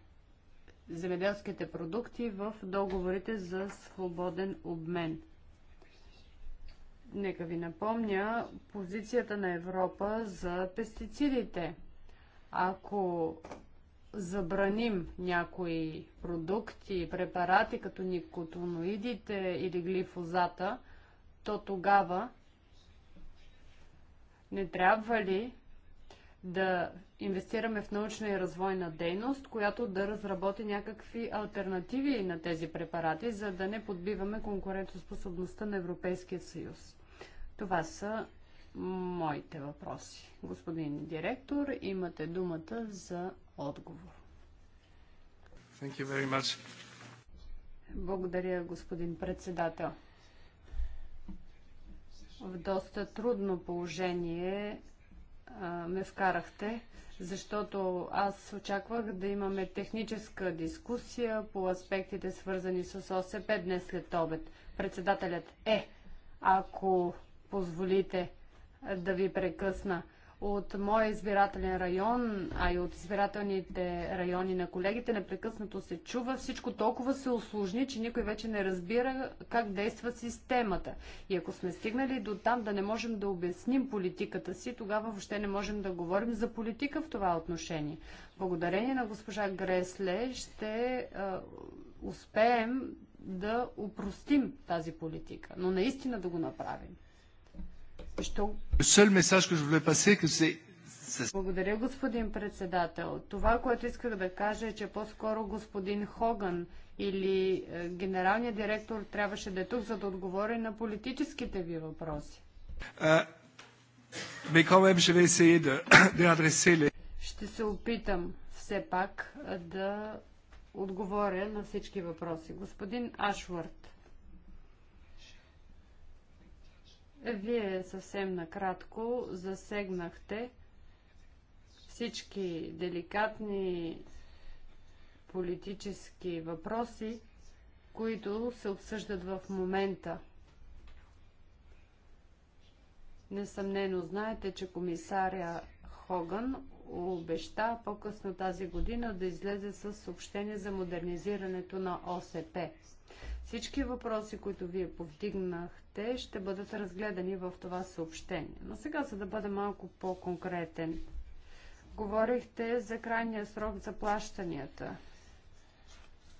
земеделските продукти в договорите за свободен обмен. Нека ви напомня позицията на Европа за пестицидите. Ако забраним някои продукти, препарати, като никотиноидите или глифозата, то тогава не трябва ли да инвестираме в научна и развойна дейност, която да разработи някакви альтернативи на тези препарати, за да не подбиваме конкурентоспособността на Европейския съюз? Това са моите въпроси. Господин директор, имате думата за отговор. Thank you very much. Благодаря, господин председател. В доста трудно положение а, ме вкарахте, защото аз очаквах да имаме техническа дискусия по аспектите свързани с ОСП днес след обед. Председателят е, ако позволите да ви прекъсна – от моя избирателен район, а и от избирателните райони на колегите, непрекъснато се чува. Всичко толкова се осложни, че никой вече не разбира как действа системата. И ако сме стигнали до там да не можем да обясним политиката си, тогава въобще не можем да говорим за политика в това отношение. Благодарение на госпожа Гресле ще е, успеем да упростим тази политика, но наистина да го направим. Благодаря, господин председател. Това, което исках да кажа е, че по-скоро господин Хоган или е, генералният директор трябваше да е тук, за да отговори на политическите ви въпроси. Е, (coughs) Ще се опитам все пак е, да отговоря на всички въпроси. Господин Ашвард. Вие съвсем накратко засегнахте всички деликатни политически въпроси, които се обсъждат в момента. Несъмнено знаете, че комисаря Хоган обеща по-късно тази година да излезе с съобщение за модернизирането на ОСП. Всички въпроси, които вие повдигнахте, ще бъдат разгледани в това съобщение. Но сега, за да бъда малко по-конкретен, говорихте за крайния срок за плащанията.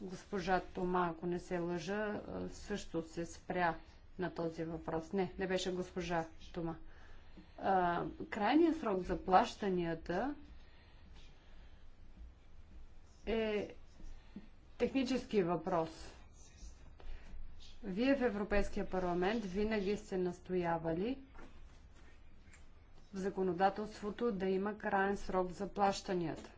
Госпожа Тома, ако не се лъжа, също се спря на този въпрос. Не, не беше госпожа Тома. Крайният срок за плащанията е технически въпрос – вие в Европейския парламент винаги сте настоявали в законодателството да има крайен срок за плащанията.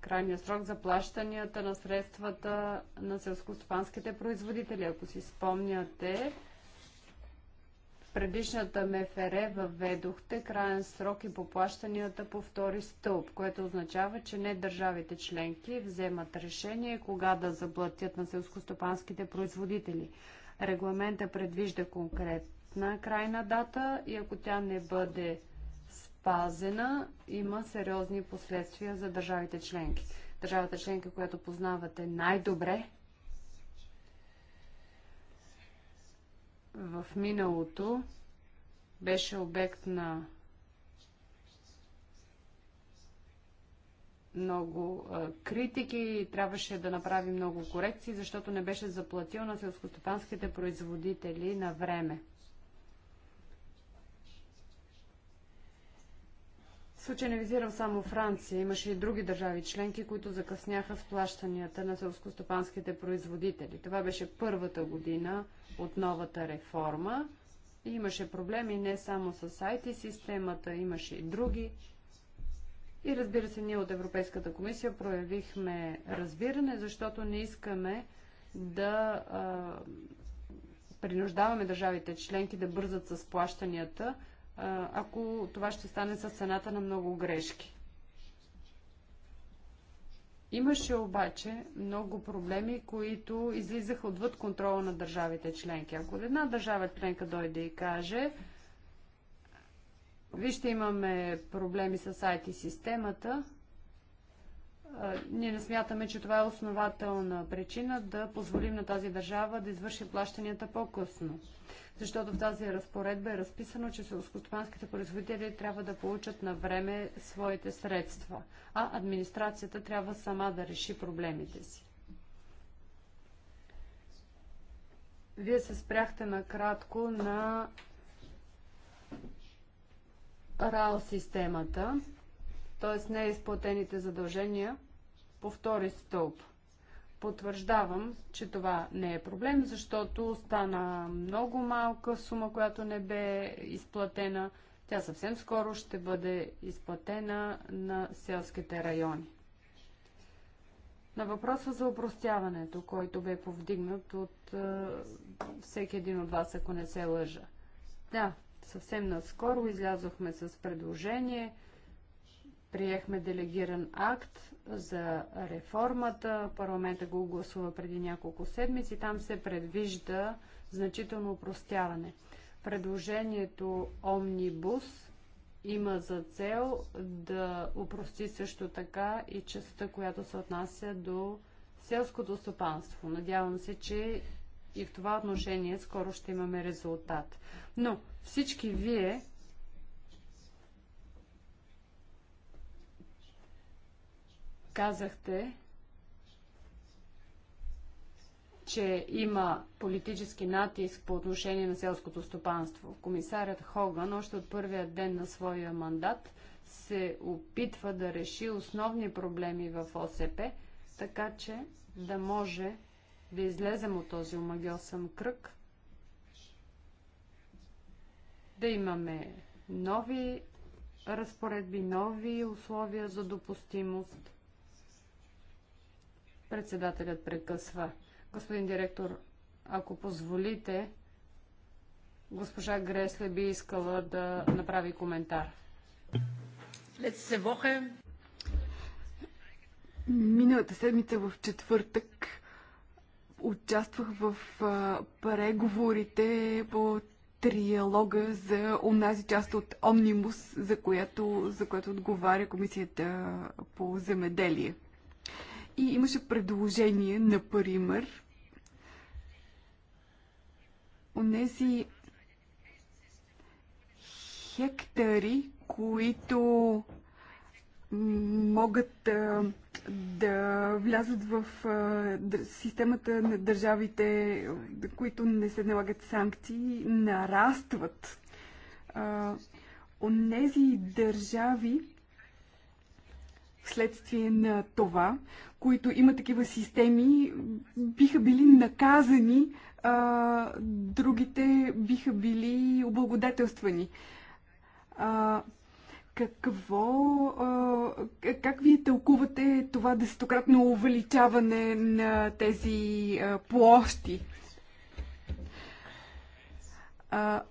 Крайният срок за плащанията на средствата на селскостопанските производители. Ако си спомняте, предишната МФР въведохте крайен срок и по плащанията по втори стълб, което означава, че не държавите членки вземат решение кога да заплатят на селскостопанските производители. Регламента предвижда конкретна крайна дата и ако тя не бъде спазена, има сериозни последствия за държавите членки. Държавата членка, която познавате най-добре, в миналото беше обект на много критики и трябваше да направи много корекции, защото не беше заплатил на селскостопанските производители на време. случай не визирам само Франция. Имаше и други държави членки, които закъсняха с плащанията на селскостопанските производители. Това беше първата година от новата реформа. И имаше проблеми не само с IT системата, имаше и други. И разбира се, ние от Европейската комисия проявихме разбиране, защото не искаме да а, принуждаваме държавите членки да бързат с плащанията, ако това ще стане с цената на много грешки. Имаше обаче много проблеми, които излизаха отвъд контрола на държавите членки. Ако една държава членка дойде и каже, вижте, имаме проблеми с IT системата, ние не смятаме, че това е основателна причина да позволим на тази държава да извърши плащанията по-късно. Защото в тази разпоредба е разписано, че селскостопанските производители трябва да получат на време своите средства, а администрацията трябва сама да реши проблемите си. Вие се спряхте накратко на РАО системата т.е. неизплатените задължения по втори стълб. Потвърждавам, че това не е проблем, защото стана много малка сума, която не бе изплатена. Тя съвсем скоро ще бъде изплатена на селските райони. На въпроса за опростяването, който бе повдигнат от е, всеки един от вас, ако не се лъжа. Да, съвсем наскоро излязохме с предложение – приехме делегиран акт за реформата. Парламента го гласува преди няколко седмици. Там се предвижда значително упростяване. Предложението Омнибус има за цел да упрости също така и частта, която се отнася до селското стопанство. Надявам се, че и в това отношение скоро ще имаме резултат. Но всички вие казахте, че има политически натиск по отношение на селското стопанство. Комисарят Хоган още от първия ден на своя мандат се опитва да реши основни проблеми в ОСП, така че да може да излезем от този омагиосен кръг, да имаме нови разпоредби, нови условия за допустимост – Председателят прекъсва. Господин директор, ако позволите, госпожа Гресле би искала да направи коментар. Миналата седмица в четвъртък участвах в преговорите по триалога за онази част от Омнимус, за която, за която отговаря Комисията по земеделие. И имаше предложение, например, онези хектари, които могат а, да влязат в а, системата на държавите, които не се налагат санкции, нарастват. А, онези държави, вследствие на това, които имат такива системи, биха били наказани, а, другите биха били облагодетелствани. А, какво, а, как вие тълкувате това десетократно увеличаване на тези а, площи? А,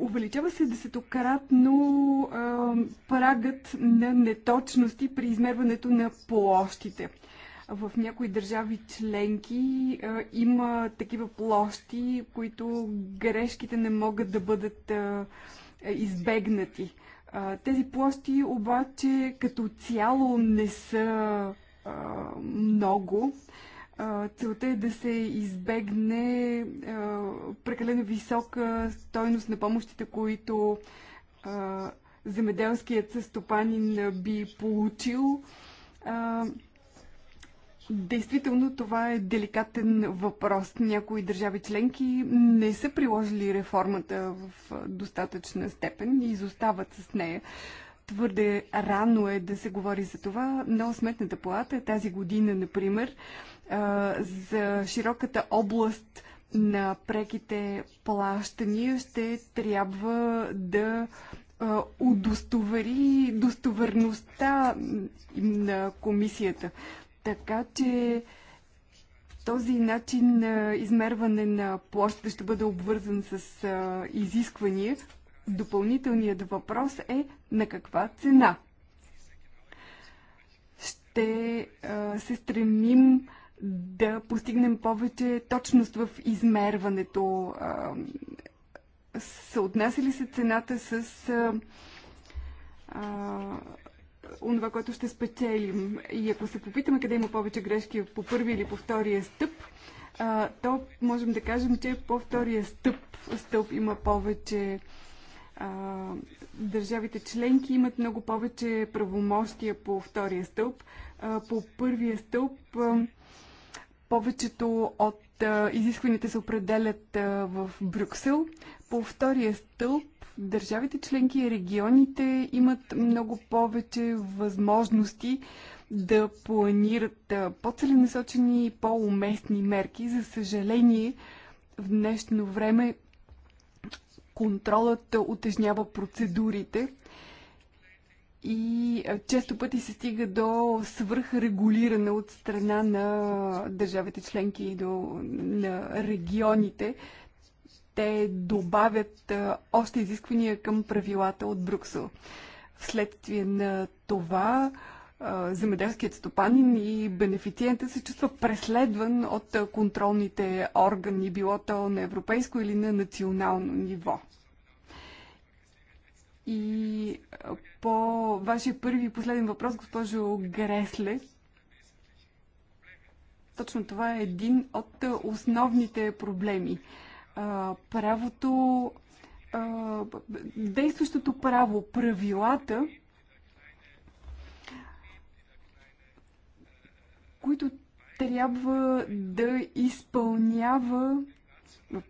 Увеличава се десетократно а, прагът на неточности при измерването на площите. В някои държави членки а, има такива площи, които грешките не могат да бъдат а, избегнати. А, тези площи обаче като цяло не са а, много. Целта е да се избегне прекалено висока стойност на помощите, които земеделският стопанин би получил. Действително, това е деликатен въпрос. Някои държави членки не са приложили реформата в достатъчна степен и изостават с нея. Твърде рано е да се говори за това, но Сметната палата тази година, например, за широката област на преките плащания ще трябва да удостовери достоверността на комисията. Така че този начин на измерване на площата ще бъде обвързан с изисквания, Допълнителният въпрос е на каква цена? Ще а, се стремим да постигнем повече точност в измерването. А, съотнася ли се цената с а, а, онова, което ще спечелим? И ако се попитаме къде има повече грешки по първи или по втория стъп, а, то можем да кажем, че по втория стъп, стълб има повече държавите членки имат много повече правомощия по втория стълб. По първия стълб повечето от изискваните се определят в Брюксел. По втория стълб държавите членки и регионите имат много повече възможности да планират по-целенасочени и по-уместни мерки. За съжаление, в днешно време контролът отежнява процедурите и често пъти се стига до свръхрегулиране от страна на държавите членки и до, на регионите. Те добавят още изисквания към правилата от Брюксел. Вследствие на това земеделският стопанин и бенефициента се чувства преследван от контролните органи, било то на европейско или на национално ниво. И по вашия първи и последен въпрос, госпожо Гресле, точно това е един от основните проблеми. Правото, действащото право, правилата, които трябва да изпълнява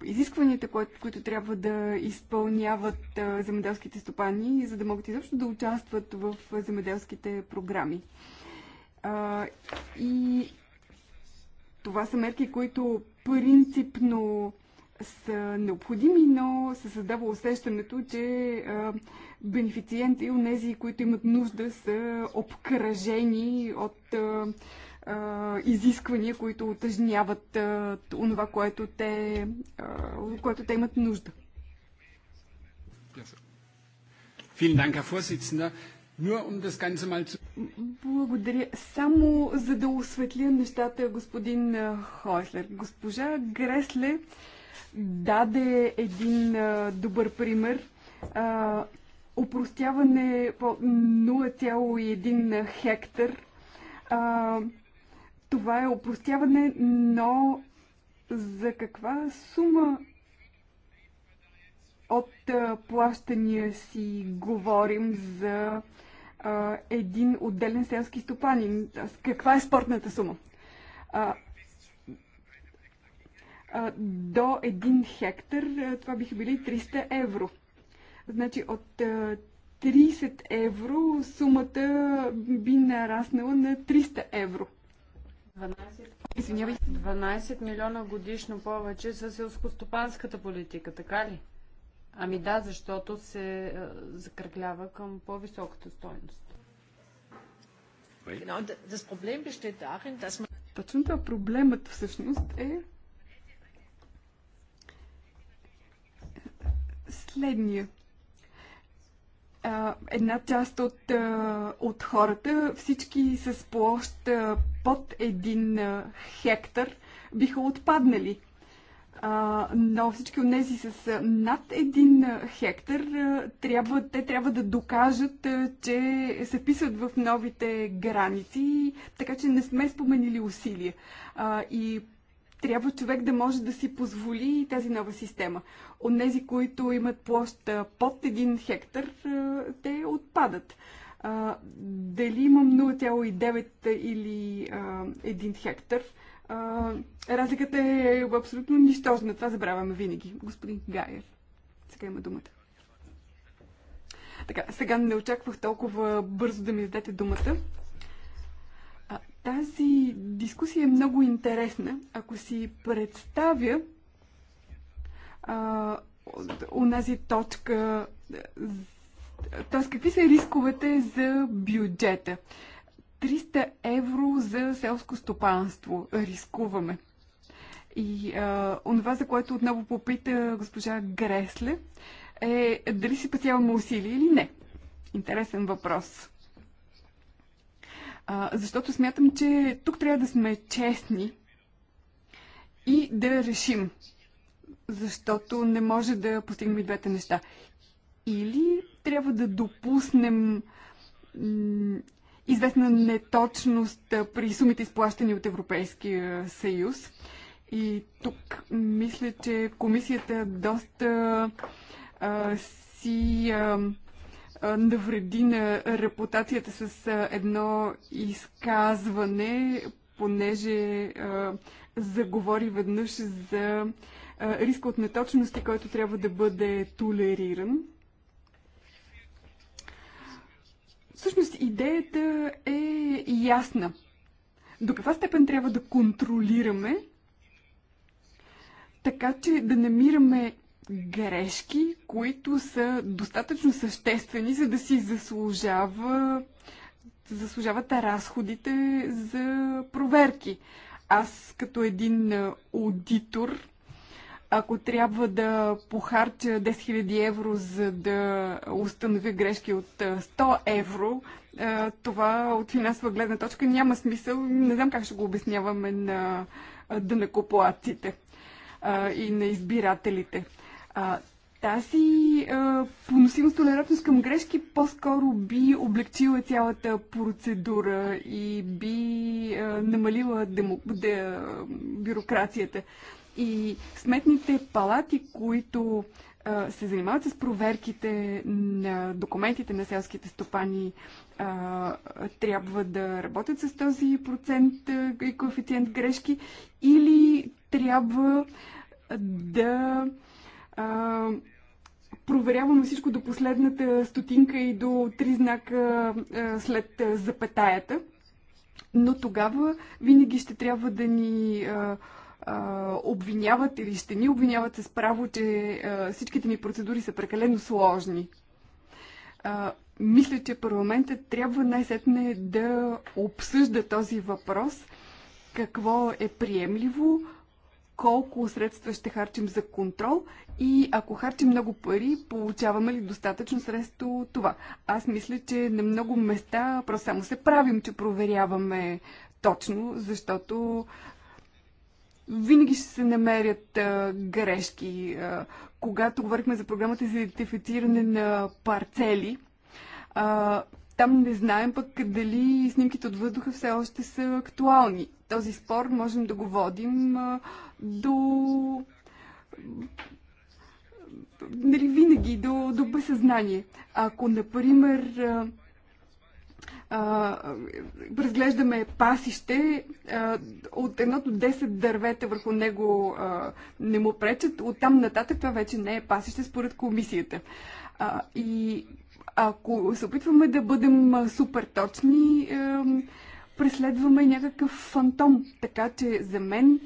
изискванията, които трябва да изпълняват земеделските стопани, за да могат изобщо да участват в земеделските програми. И това са мерки, които принципно са необходими, но се създава усещането, че а, бенефициенти и тези, които имат нужда, са обкръжени от а, изисквания, които отъжняват онова, което те, което те имат нужда. Um Благодаря. Само за да осветля нещата, господин Хойслер. Госпожа Гресле даде един добър пример. Опростяване по 0,1 хектар това е опростяване, но за каква сума от плащания си говорим за а, един отделен селски стопанин? Каква е спортната сума? А, а, до 1 хектар това биха били 300 евро. Значи от 30 евро сумата би нараснала на 300 евро. 12, милиона годишно повече за селскостопанската политика, така ли? Ами да, защото се е, закръглява към по-високата стойност. Точно това проблемът всъщност е следния една част от, от хората, всички с площ под един хектар, биха отпаднали. Но всички от тези с над един хектар, трябва, те трябва да докажат, че се писат в новите граници, така че не сме споменили усилия. И трябва човек да може да си позволи тази нова система. От тези, които имат площ под 1 хектар, те отпадат. дали имам 0,9 или 1 хектар, разликата е абсолютно нищожна. Това забравяме винаги. Господин Гаев, сега има думата. Така, сега не очаквах толкова бързо да ми дадете думата. Тази дискусия е много интересна. Ако си представя а, унази точка, т.е. какви са рисковете за бюджета? 300 евро за селско стопанство рискуваме. И а, онова, за което отново попита госпожа Гресле, е дали си пътяваме усилия или не. Интересен въпрос. А, защото смятам, че тук трябва да сме честни и да решим. Защото не може да постигнем и двете неща. Или трябва да допуснем известна неточност при сумите изплащани от Европейския съюз. И тук мисля, че комисията доста а, си а, навреди на репутацията с едно изказване, понеже заговори веднъж за риска от неточности, който трябва да бъде толериран. Всъщност идеята е ясна. До каква степен трябва да контролираме, така че да намираме грешки, които са достатъчно съществени, за да си заслужава, заслужават разходите за проверки. Аз като един аудитор, ако трябва да похарча 10 000 евро, за да установя грешки от 100 евро, това от финансова гледна точка няма смисъл. Не знам как ще го обясняваме на дънакоплатците и на избирателите. А, тази а, поносимост, толерантност към грешки по-скоро би облегчила цялата процедура и би а, намалила демо, де, бюрокрацията. И сметните палати, които а, се занимават с проверките на документите на селските стопани, а, трябва да работят с този процент и коефициент грешки или трябва да а, а, проверяваме всичко до последната стотинка и до три знака а, след запетаята. Но тогава винаги ще трябва да ни а, а, обвиняват или ще ни обвиняват с право, че а, всичките ни процедури са прекалено сложни. А, мисля, че парламентът трябва най-сетне да обсъжда този въпрос, какво е приемливо, колко средства ще харчим за контрол и ако харчим много пари, получаваме ли достатъчно средство това. Аз мисля, че на много места просто само се правим, че проверяваме точно, защото винаги ще се намерят а, грешки. А, когато говорихме за програмата за идентифициране на парцели, а, там не знаем пък дали снимките от въздуха все още са актуални. Този спор можем да го водим до нали, винаги до, до безсъзнание. Ако, например, а, а, разглеждаме пасище, а, от едно 10 дървета върху него а, не му пречат, оттам нататък това вече не е пасище според комисията. А, и ако се опитваме да бъдем супер точни, преследваме някакъв фантом. Така че за мен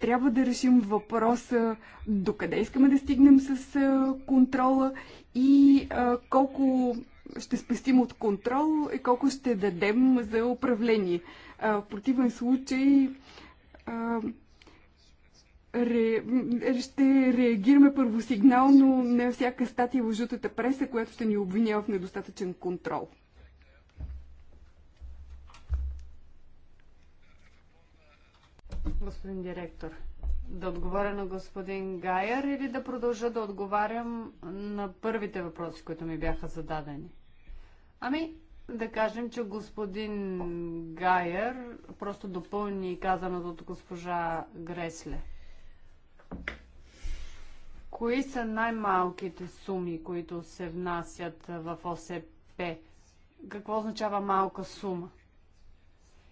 трябва да решим въпроса докъде искаме да стигнем с контрола и колко ще спестим от контрол и колко ще дадем за управление. В противен случай ре... ще реагираме първосигнално на всяка статия в жутата преса, която ще ни обвинява в недостатъчен контрол. Господин директор, да отговоря на господин Гайер или да продължа да отговарям на първите въпроси, които ми бяха зададени? Ами, да кажем, че господин Гайер просто допълни казаното от госпожа Гресле. Кои са най-малките суми, които се внасят в ОСП? Какво означава малка сума?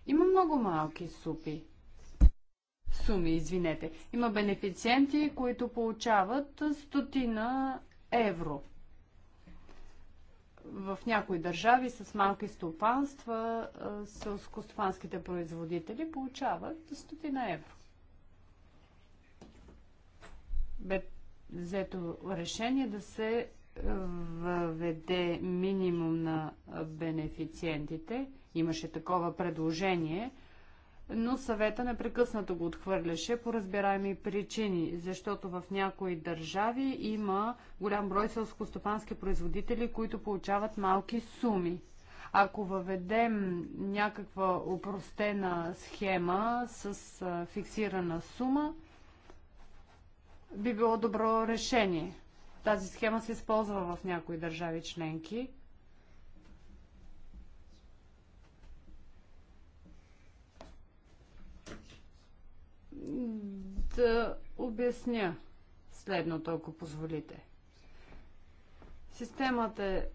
Има много малки супи. Суми, извинете. Има бенефициенти, които получават стотина евро. В някои държави с малки стопанства селскостопанските производители получават стотина евро. бе взето решение да се е, въведе минимум на бенефициентите. Имаше такова предложение, но съвета непрекъснато го отхвърляше по разбираеми причини, защото в някои държави има голям брой селскостопански производители, които получават малки суми. Ако въведем някаква упростена схема с е, фиксирана сума, би било добро решение. Тази схема се използва в някои държави членки. Да обясня следното, ако позволите. Системата е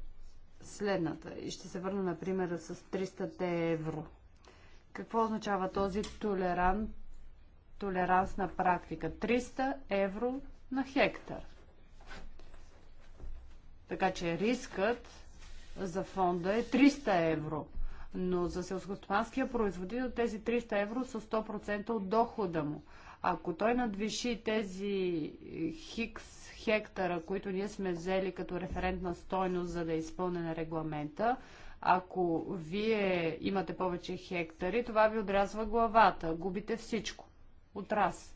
следната и ще се върна на примера с 300 евро. Какво означава този толерант толерансна практика 300 евро на хектар. Така че рискът за фонда е 300 евро. Но за селскостопанския производител тези 300 евро са 100% от дохода му. Ако той надвиши тези хикс хектара, които ние сме взели като референтна стойност, за да е изпълнен регламента, ако вие имате повече хектари, това ви отрязва главата, губите всичко раз.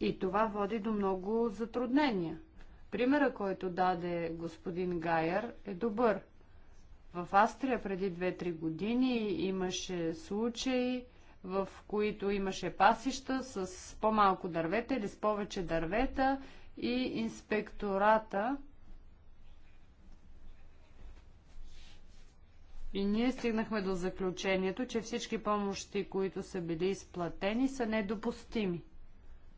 И това води до много затруднения. Примера, който даде господин Гайер, е добър. В Австрия преди 2-3 години имаше случаи, в които имаше пасища с по-малко дървета или с повече дървета и инспектората И ние стигнахме до заключението, че всички помощи, които са били изплатени, са недопустими.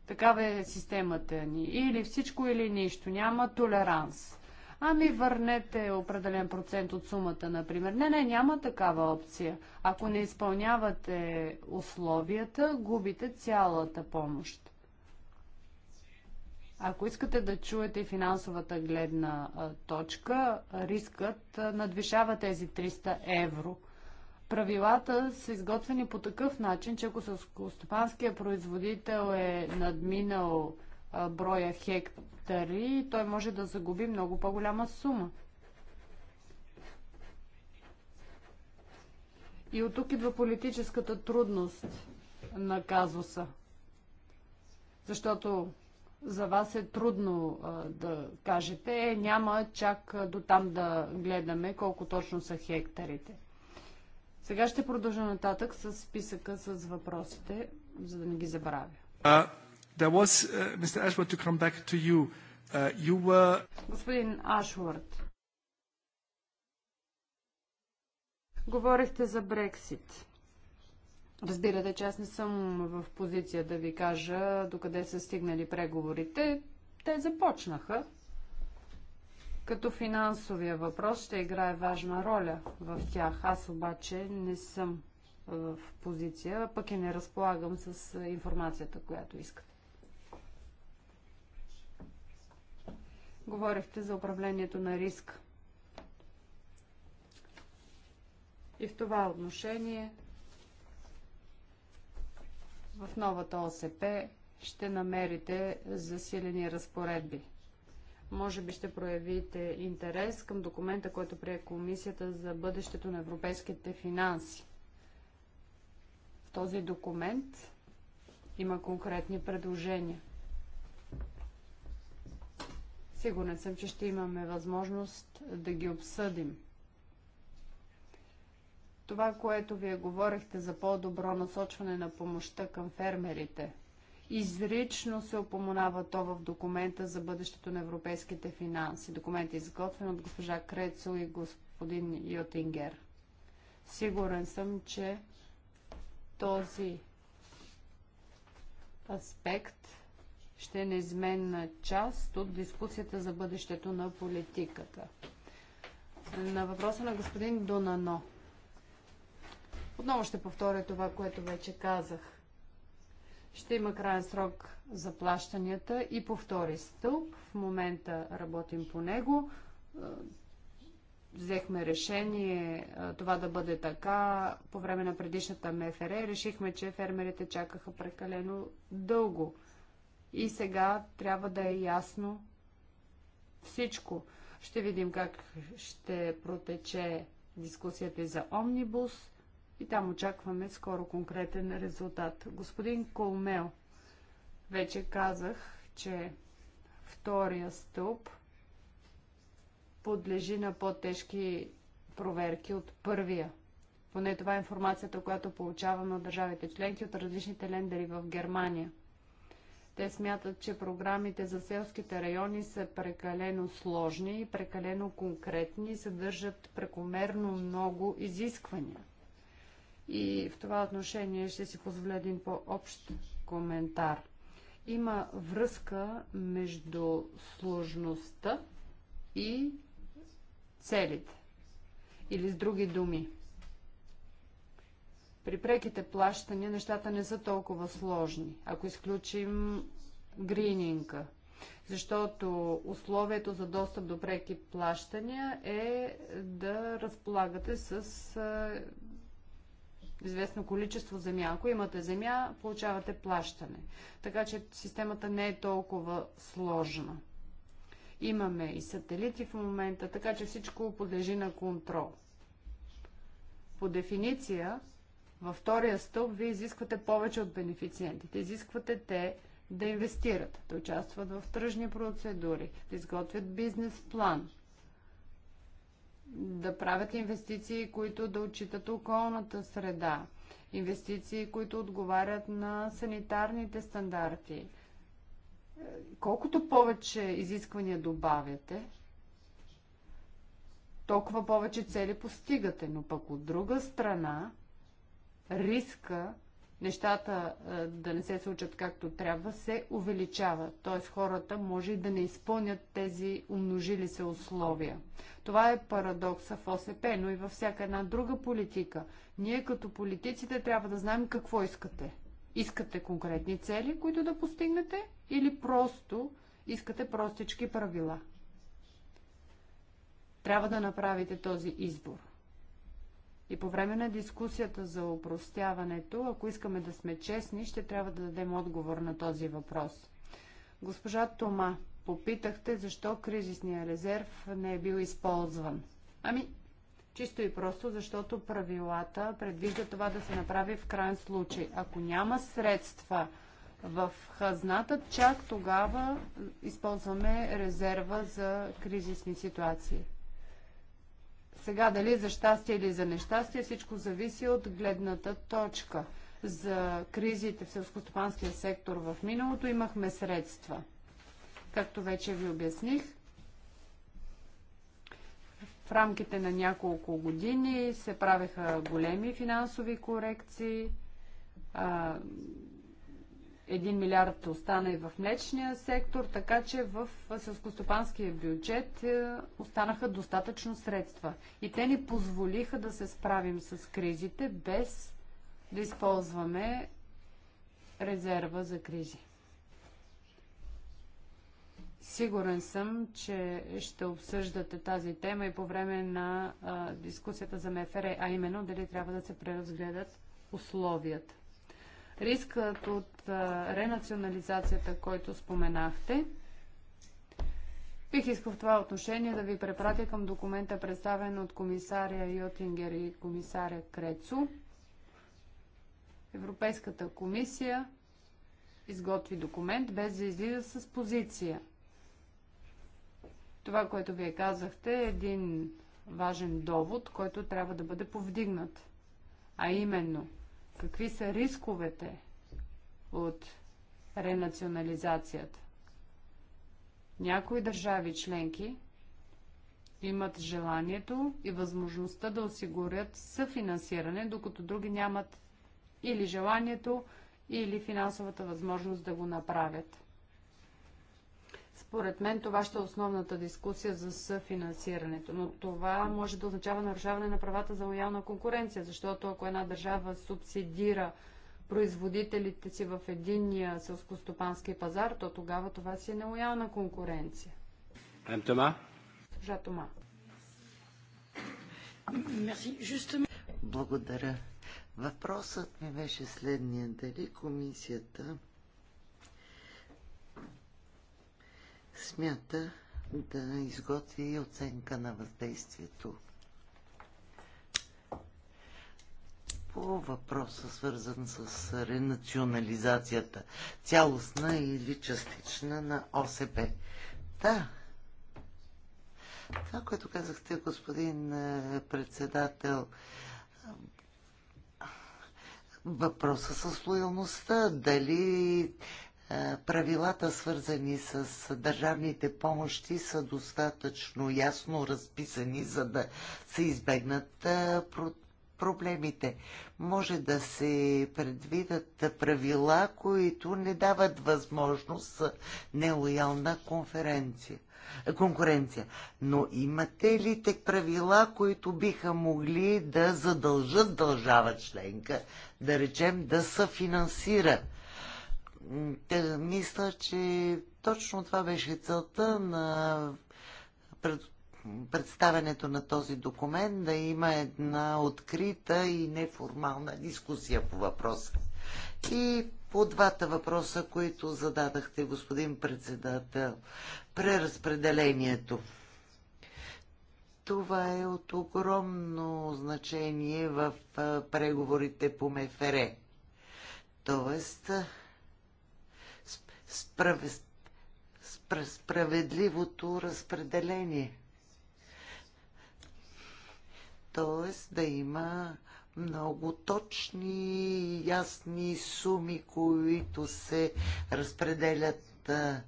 Такава е системата ни. Или всичко, или нищо. Няма толеранс. Ами върнете определен процент от сумата, например. Не, не, няма такава опция. Ако не изпълнявате условията, губите цялата помощ. Ако искате да чуете финансовата гледна точка, рискът надвишава тези 300 евро. Правилата са изготвени по такъв начин, че ако селскостопанския производител е надминал броя хектари, той може да загуби много по-голяма сума. И от тук идва политическата трудност на казуса. Защото за вас е трудно а, да кажете, е, няма чак до там да гледаме колко точно са хектарите. Сега ще продължа нататък с списъка с въпросите, за да не ги забравя. Господин Ашвард, говорихте за Брексит. Разбирате, че аз не съм в позиция да ви кажа докъде са стигнали преговорите. Те започнаха. Като финансовия въпрос ще играе важна роля в тях. Аз обаче не съм в позиция, пък и не разполагам с информацията, която искате. Говорихте за управлението на риск. И в това отношение в новата ОСП ще намерите засилени разпоредби. Може би ще проявите интерес към документа, който прие Комисията за бъдещето на европейските финанси. В този документ има конкретни предложения. Сигурен съм, че ще имаме възможност да ги обсъдим. Това, което вие говорихте за по-добро насочване на помощта към фермерите, изрично се опомонава то в документа за бъдещето на европейските финанси. Документ е изготвен от госпожа Крецо и господин Йотингер. Сигурен съм, че този аспект ще е неизменна част от дискусията за бъдещето на политиката. На въпроса на господин Донано – отново ще повторя това, което вече казах. Ще има крайен срок за плащанията и повтори стълб. В момента работим по него. Е, взехме решение е, това да бъде така. По време на предишната МФР решихме, че фермерите чакаха прекалено дълго. И сега трябва да е ясно всичко. Ще видим как ще протече дискусията и за Омнибус – и там очакваме скоро конкретен резултат. Господин Колмел, вече казах, че втория стълб подлежи на по-тежки проверки от първия. Поне това е информацията, която получаваме от държавите членки, от различните лендери в Германия. Те смятат, че програмите за селските райони са прекалено сложни и прекалено конкретни и съдържат прекомерно много изисквания. И в това отношение ще си позволя един по-общ коментар. Има връзка между сложността и целите. Или с други думи, при преките плащания нещата не са толкова сложни, ако изключим грининга, защото условието за достъп до преки плащания е да разполагате с известно количество земя. Ако имате земя, получавате плащане. Така че системата не е толкова сложна. Имаме и сателити в момента, така че всичко подлежи на контрол. По дефиниция, във втория стълб вие изисквате повече от бенефициентите. Изисквате те да инвестират, да участват в тръжни процедури, да изготвят бизнес план – да правят инвестиции, които да отчитат околната среда, инвестиции, които отговарят на санитарните стандарти. Е, колкото повече изисквания добавяте, толкова повече цели постигате, но пък от друга страна риска нещата да не се случат както трябва, се увеличава. Т.е. хората може и да не изпълнят тези умножили се условия. Това е парадокса в ОСП, но и във всяка една друга политика. Ние като политиците трябва да знаем какво искате. Искате конкретни цели, които да постигнете или просто искате простички правила? Трябва да направите този избор. И по време на дискусията за упростяването, ако искаме да сме честни, ще трябва да дадем отговор на този въпрос. Госпожа Тома, попитахте защо кризисният резерв не е бил използван. Ами, чисто и просто, защото правилата предвижда това да се направи в крайен случай. Ако няма средства в хазната, чак тогава използваме резерва за кризисни ситуации. Сега дали за щастие или за нещастие, всичко зависи от гледната точка. За кризите в селскостопанския сектор в миналото имахме средства. Както вече ви обясних, в рамките на няколко години се правеха големи финансови корекции. А, 1 милиард остана и в млечния сектор, така че в селскостопанския бюджет е, останаха достатъчно средства. И те ни позволиха да се справим с кризите без да използваме резерва за кризи. Сигурен съм, че ще обсъждате тази тема и по време на а, дискусията за МФР, а именно дали трябва да се преразгледат условията. Рискът от а, ренационализацията, който споменахте, бих искал в това отношение да ви препратя към документа, представен от комисаря Йотингер и комисаря Крецо. Европейската комисия изготви документ без да излиза с позиция. Това, което вие казахте, е един важен довод, който трябва да бъде повдигнат. А именно – Какви са рисковете от ренационализацията? Някои държави членки имат желанието и възможността да осигурят съфинансиране, докато други нямат или желанието, или финансовата възможност да го направят. Според мен това ще е основната дискусия за съфинансирането, но това може да означава нарушаване на правата за лоялна конкуренция, защото ако една държава субсидира производителите си в единния селскостопански пазар, то тогава това си е нелоялна конкуренция. Тома? Тома. Благодаря. Въпросът ми беше следния. Дали комисията смята да изготви оценка на въздействието по въпроса, свързан с ренационализацията, цялостна или частична на ОСП. Да, това, което казахте, господин е, председател, въпроса с лоялността, дали е, правилата, свързани с държавните помощи, са достатъчно ясно разписани, за да се избегнат е, проблемите. Може да се предвидат правила, които не дават възможност за нелоялна конференция конкуренция. Но имате ли те правила, които биха могли да задължат държава членка, да речем, да съфинансира те, мисля, че точно това беше целта на пред, представянето на този документ, да има една открита и неформална дискусия по въпроса. И по двата въпроса, които зададахте, господин председател, преразпределението. Това е от огромно значение в преговорите по МФР. Тоест, справ... справедливото разпределение. Тоест да има много точни и ясни суми, които се разпределят а,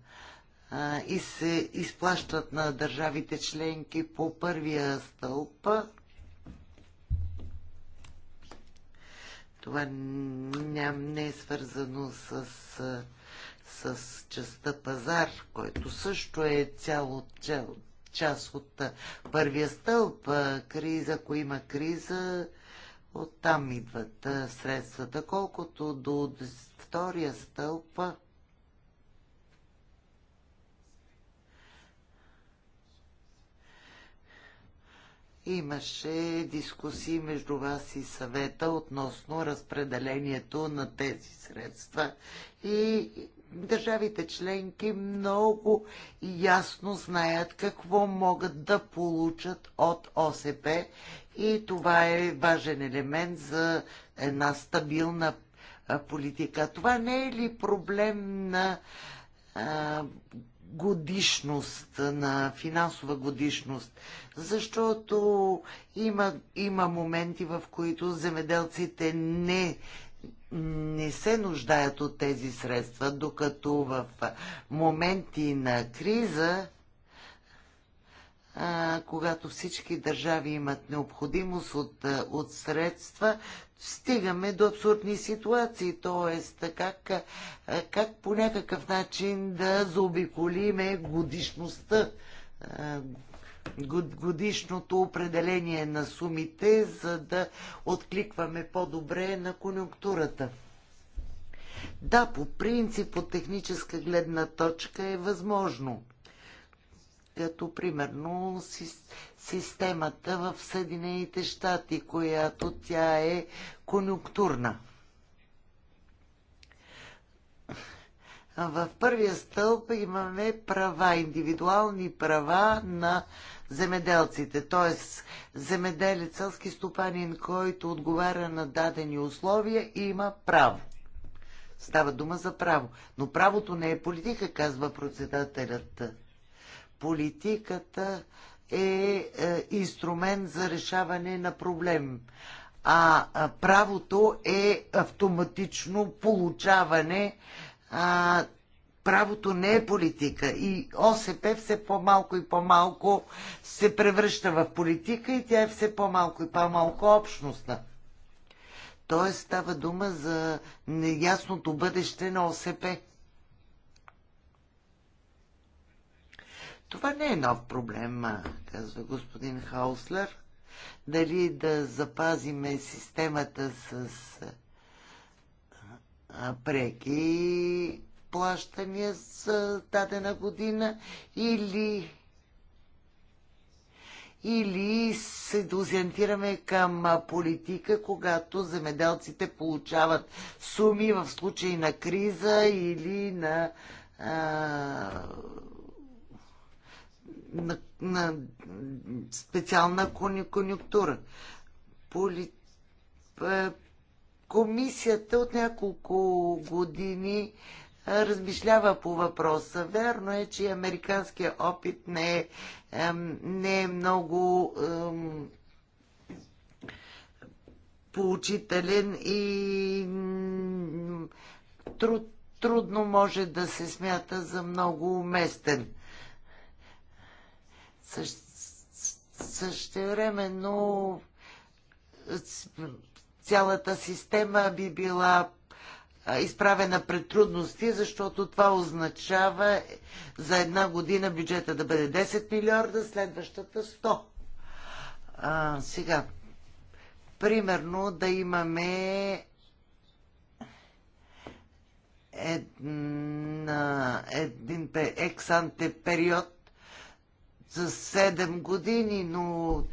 а, и се изплащат на държавите членки по първия стълб. Това не, не е свързано с а, с частта пазар, който също е цяло, цяло част от първия стълб. Криза, ако има криза, оттам идват средствата. Колкото до втория стълб, имаше дискусии между вас и съвета относно разпределението на тези средства и държавите членки много ясно знаят какво могат да получат от ОСП и това е важен елемент за една стабилна политика. Това не е ли проблем на а, годишност, на финансова годишност? Защото има, има моменти, в които земеделците не не се нуждаят от тези средства, докато в моменти на криза, когато всички държави имат необходимост от, от средства, стигаме до абсурдни ситуации, т.е. Как, как по някакъв начин да заобиколиме годишността, годишното определение на сумите, за да откликваме по-добре на конюнктурата. Да, по принцип от техническа гледна точка е възможно. Като примерно системата в Съединените щати, която тя е конюнктурна. В първия стълб имаме права, индивидуални права на земеделците, т.е. земеделец, селски стопанин, който отговаря на дадени условия, има право. Става дума за право. Но правото не е политика, казва председателят. Политиката е, е инструмент за решаване на проблем. А, а правото е автоматично получаване а, правото не е политика и ОСП все по-малко и по-малко се превръща в политика и тя е все по-малко и по-малко общностна. Тоест става дума за неясното бъдеще на ОСП. Това не е нов проблем, казва господин Хауслер. Дали да запазиме системата с преки плащания за дадена година или или се дозиантираме към политика, когато земеделците получават суми в случай на криза или на, а, на, на специална конюнктура. Поли, Комисията от няколко години размишлява по въпроса. Верно е, че американският опит не е, не е много поучителен и труд, трудно може да се смята за много уместен. Същ, същевременно цялата система би била изправена пред трудности, защото това означава е, за една година бюджета да бъде 10 милиарда, следващата 100. А, сега, примерно да имаме една, един ексанте период за 7 години, но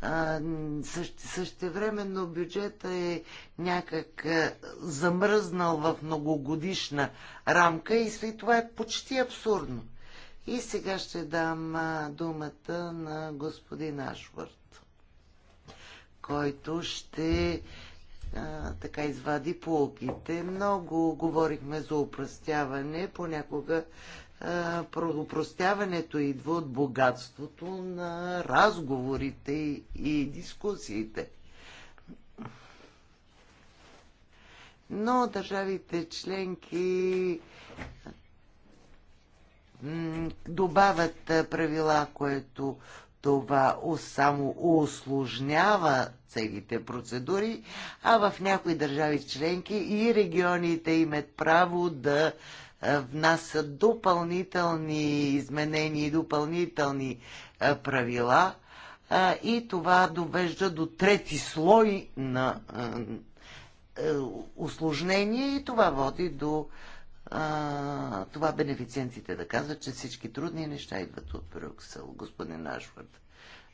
а, също, същевременно бюджета е някак а, замръзнал в многогодишна рамка и след това е почти абсурдно. И сега ще дам а, думата на господин Ашвард, който ще а, така извади полките. Много говорихме за упростяване, понякога Правопростяването идва от богатството на разговорите и дискусиите. Но държавите членки добавят правила, което това само осложнява целите процедури, а в някои държави членки и регионите имат право да е, внасят допълнителни изменения и допълнителни е, правила е, и това довежда до трети слой на осложнение и това води до това бенефициентите да казват, че всички трудни неща идват от Брюксел, господин Ашвард.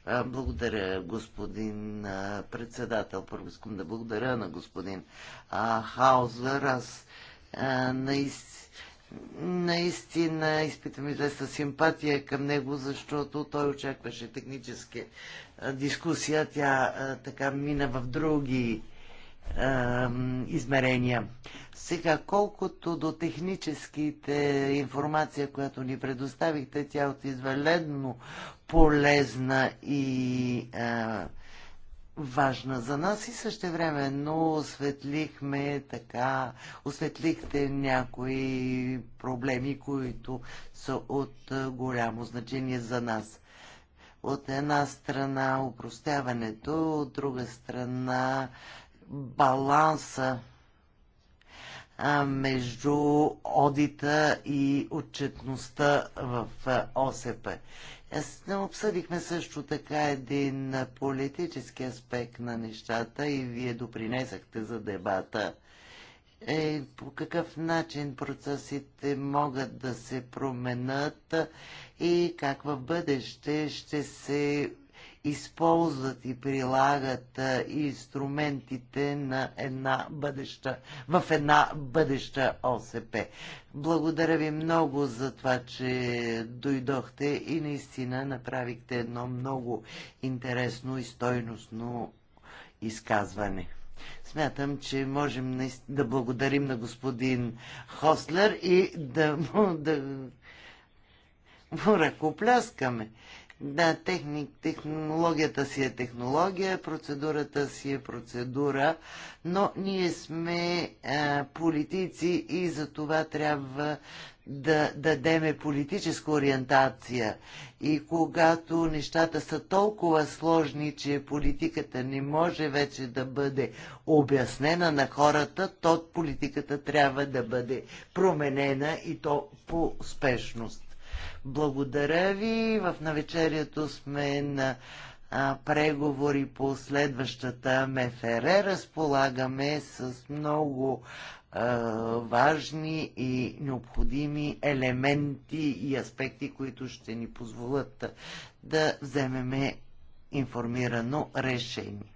благодаря, господин председател. Първо искам да благодаря на господин Хаузер. Аз наистина наистина изпитвам известна симпатия към него, защото той очакваше технически дискусия. Тя така мина в други измерения. Сега, колкото до техническите информация, която ни предоставихте, тя е от изваледно полезна и важна за нас и същевременно осветлихме така, осветлихте някои проблеми, които са от голямо значение за нас. От една страна упростяването, от друга страна баланса между одита и отчетността в ОСП. Аз не Обсъдихме също така един политически аспект на нещата и вие допринесахте за дебата. Е, по какъв начин процесите могат да се променят и как в бъдеще ще се използват и прилагат инструментите на една бъдеща, в една бъдеща ОСП. Благодаря ви много за това, че дойдохте и наистина направихте едно много интересно и стойностно изказване. Смятам, че можем да благодарим на господин Хослер и да му, да му ръкопляскаме. Да, техник, технологията си е технология, процедурата си е процедура, но ние сме а, политици и за това трябва да дадеме политическа ориентация. И когато нещата са толкова сложни, че политиката не може вече да бъде обяснена на хората, то политиката трябва да бъде променена и то по успешност. Благодаря ви. В навечерието сме на а, преговори по следващата МФР. Разполагаме с много а, важни и необходими елементи и аспекти, които ще ни позволят да вземеме информирано решение.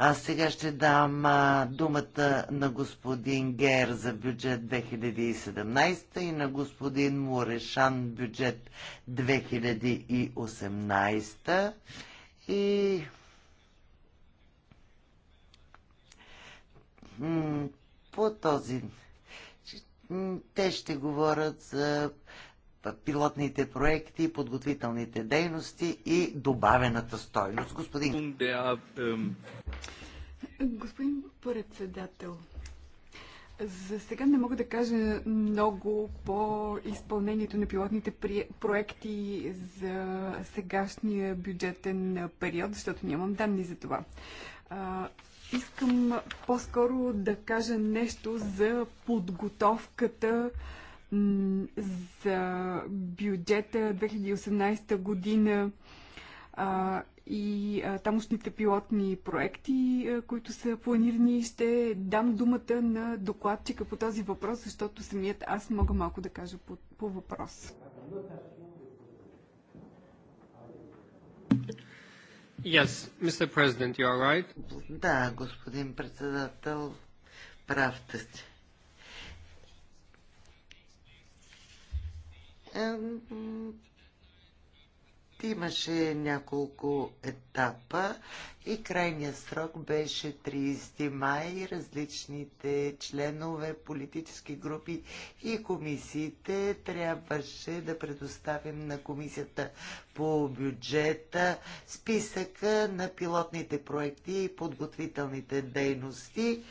А сега ще дам а, думата на господин Гер за бюджет 2017 и на господин Морешан бюджет 2018. И по този те ще говорят за пилотните проекти, подготвителните дейности и добавената стойност. Господин. Господин председател, за сега не мога да кажа много по изпълнението на пилотните проекти за сегашния бюджетен период, защото нямам данни за това. А, искам по-скоро да кажа нещо за подготовката за бюджета 2018 година а, и а, тамошните пилотни проекти, а, които са планирани. Ще дам думата на докладчика по този въпрос, защото самият аз мога малко да кажа по, по въпрос. Yes, Mr. President, you are right. Да, господин председател, прав сте. Имаше няколко етапа и крайният срок беше 30 май. Различните членове, политически групи и комисиите трябваше да предоставим на комисията по бюджета списъка на пилотните проекти и подготвителните дейности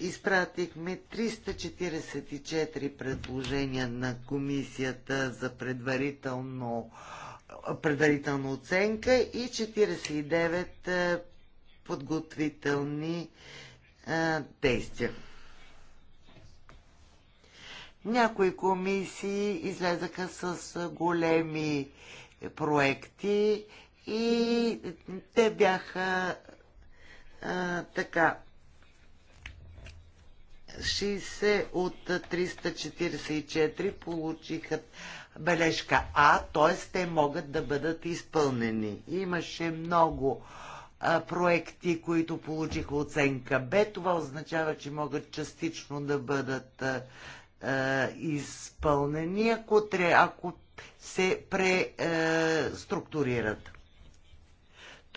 изпратихме 344 предложения на комисията за предварително, предварителна оценка и 49 е, подготвителни е, действия. Някои комисии излезаха с големи проекти и те бяха а, е, така 60 от 344 получиха бележка А, т.е. те могат да бъдат изпълнени. Имаше много а, проекти, които получиха оценка Б. Това означава, че могат частично да бъдат а, а, изпълнени, ако, тря, ако се преструктурират. Е,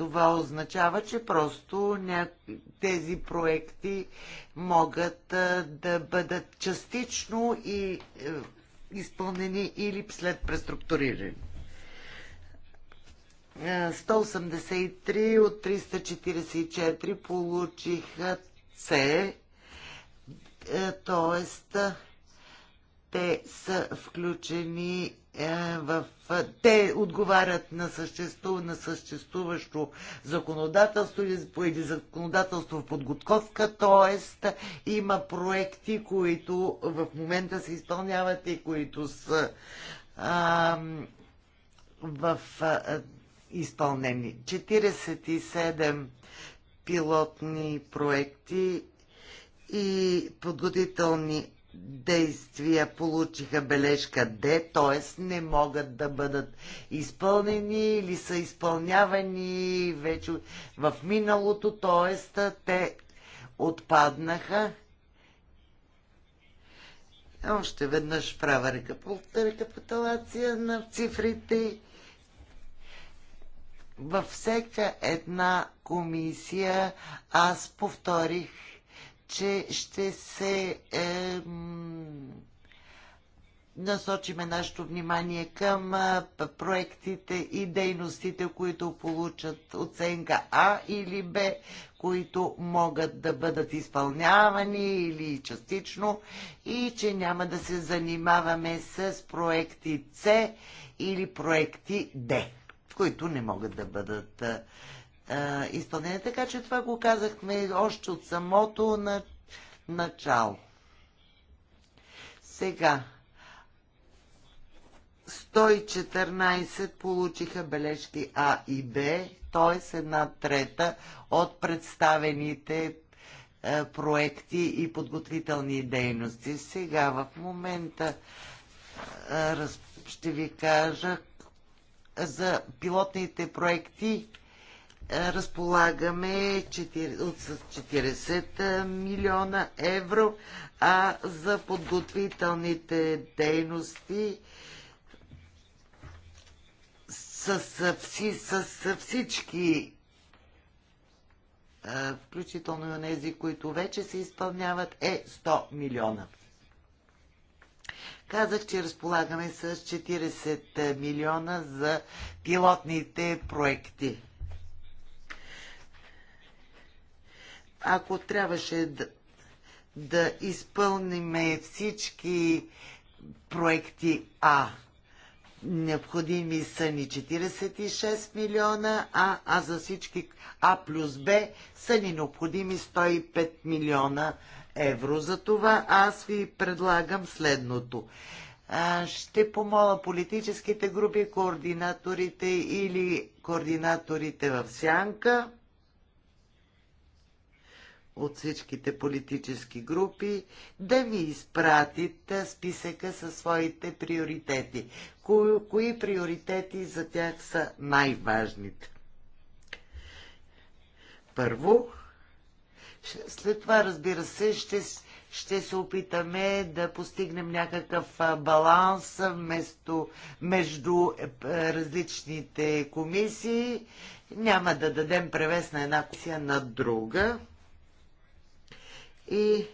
това означава, че просто тези проекти могат да бъдат частично и е, изпълнени или след преструктуриране. 183 е, от 344 получиха С, т.е. те са включени е, в, е, те отговарят на, съществу, на съществуващо законодателство или, или законодателство в подготовка, т.е. има проекти, които в момента се изпълняват и които са а, в а, изпълнени. 47 пилотни проекти и подготителни действия получиха бележка Д, т.е. не могат да бъдат изпълнени или са изпълнявани вече в миналото, т.е. те отпаднаха. Още веднъж правя рекапиталация на цифрите. Във всяка една комисия аз повторих че ще се е, насочиме нашето внимание към проектите и дейностите, които получат оценка А или Б, които могат да бъдат изпълнявани или частично и че няма да се занимаваме с проекти С или проекти Д, които не могат да бъдат изпълнение. Така че това го казахме още от самото на, начало. Сега. 114 получиха бележки А и Б, т.е. една трета от представените проекти и подготвителни дейности. Сега в момента ще ви кажа за пилотните проекти разполагаме 4, от 40 милиона евро, а за подготвителните дейности с, с, с всички включително и тези, които вече се изпълняват, е 100 милиона. Казах, че разполагаме с 40 милиона за пилотните проекти. ако трябваше да, да изпълниме всички проекти А, необходими са ни 46 милиона, а, а за всички А плюс Б са ни необходими 105 милиона евро. Затова аз ви предлагам следното. А, ще помоля политическите групи, координаторите или координаторите в сянка от всичките политически групи да ви изпратите списъка със своите приоритети. Кои, кои приоритети за тях са най-важните? Първо, след това, разбира се, ще, ще се опитаме да постигнем някакъв баланс вместо, между е, различните комисии. Няма да дадем превес на една комисия на друга. И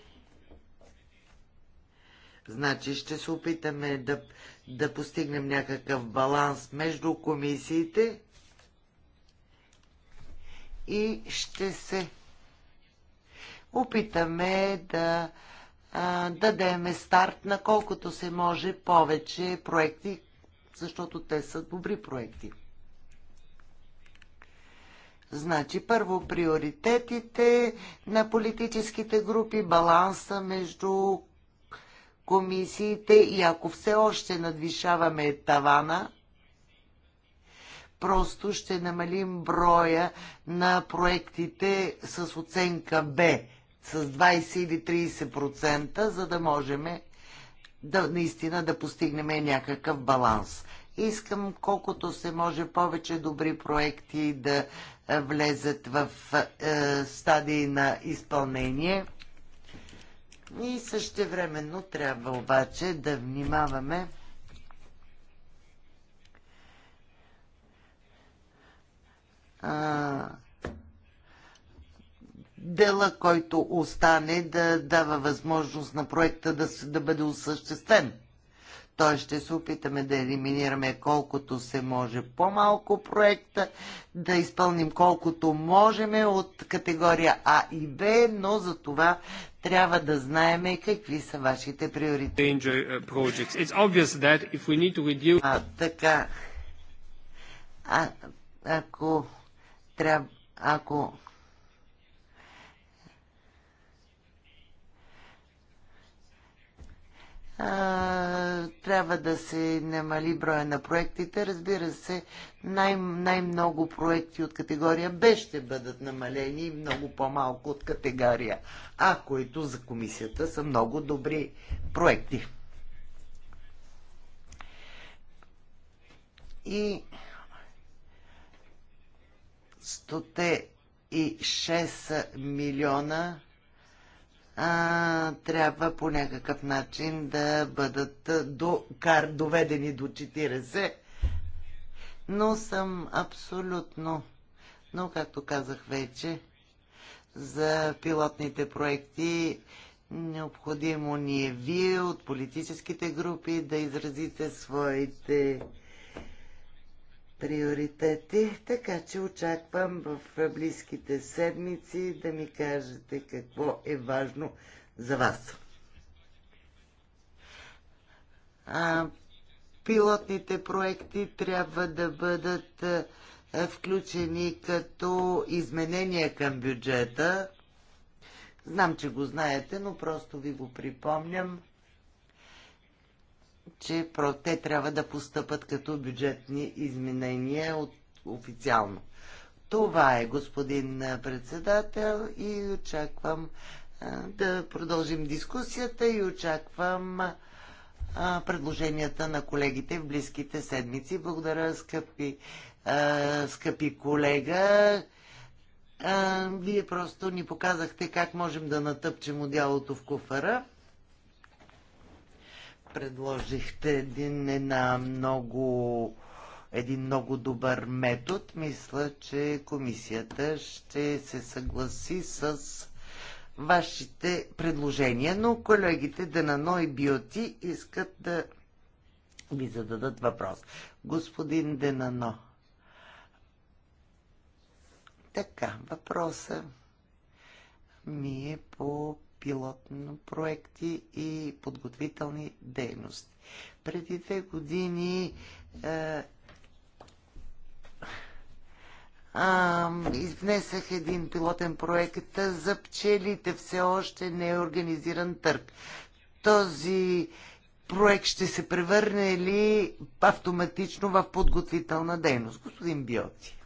Значи ще се опитаме да, да постигнем някакъв баланс между комисиите и ще се опитаме да а, дадеме старт на колкото се може повече проекти, защото те са добри проекти. Значи, първо приоритетите на политическите групи, баланса между комисиите и ако все още надвишаваме тавана, просто ще намалим броя на проектите с оценка Б с 20 или 30%, за да можем да, наистина да постигнем някакъв баланс. Искам колкото се може повече добри проекти да влезат в е, стадии на изпълнение. И същевременно трябва обаче да внимаваме дела, който остане да дава възможност на проекта да, да бъде осъществен. Той ще се опитаме да елиминираме колкото се може по-малко проекта, да изпълним колкото можеме от категория А и Б, но за това трябва да знаем какви са вашите приоритети. Uh, reduce... А, така. А, ако трябва. Ако трябва да се намали броя на проектите. Разбира се, най- най-много проекти от категория Б ще бъдат намалени и много по-малко от категория А, които за комисията са много добри проекти. И 106 милиона а, трябва по някакъв начин да бъдат до, кар, доведени до 40. Но съм абсолютно, но както казах вече, за пилотните проекти необходимо ни е вие от политическите групи да изразите своите приоритети, така че очаквам в близките седмици да ми кажете какво е важно за вас. А, пилотните проекти трябва да бъдат включени като изменения към бюджета. Знам, че го знаете, но просто ви го припомням че те трябва да постъпат като бюджетни изменения от, официално. Това е, господин председател, и очаквам а, да продължим дискусията и очаквам а, предложенията на колегите в близките седмици. Благодаря, скъпи, а, скъпи колега. А, вие просто ни показахте как можем да натъпчем отялото в куфара предложихте един, една много, един много добър метод. Мисля, че комисията ще се съгласи с вашите предложения, но колегите Данано и Биоти искат да ви зададат въпрос. Господин Денано. Така, въпроса ми е по пилотни проекти и подготвителни дейности. Преди две години е, изнесах един пилотен проект за пчелите. Все още не е организиран търг. Този проект ще се превърне ли автоматично в подготвителна дейност? Господин Биоти.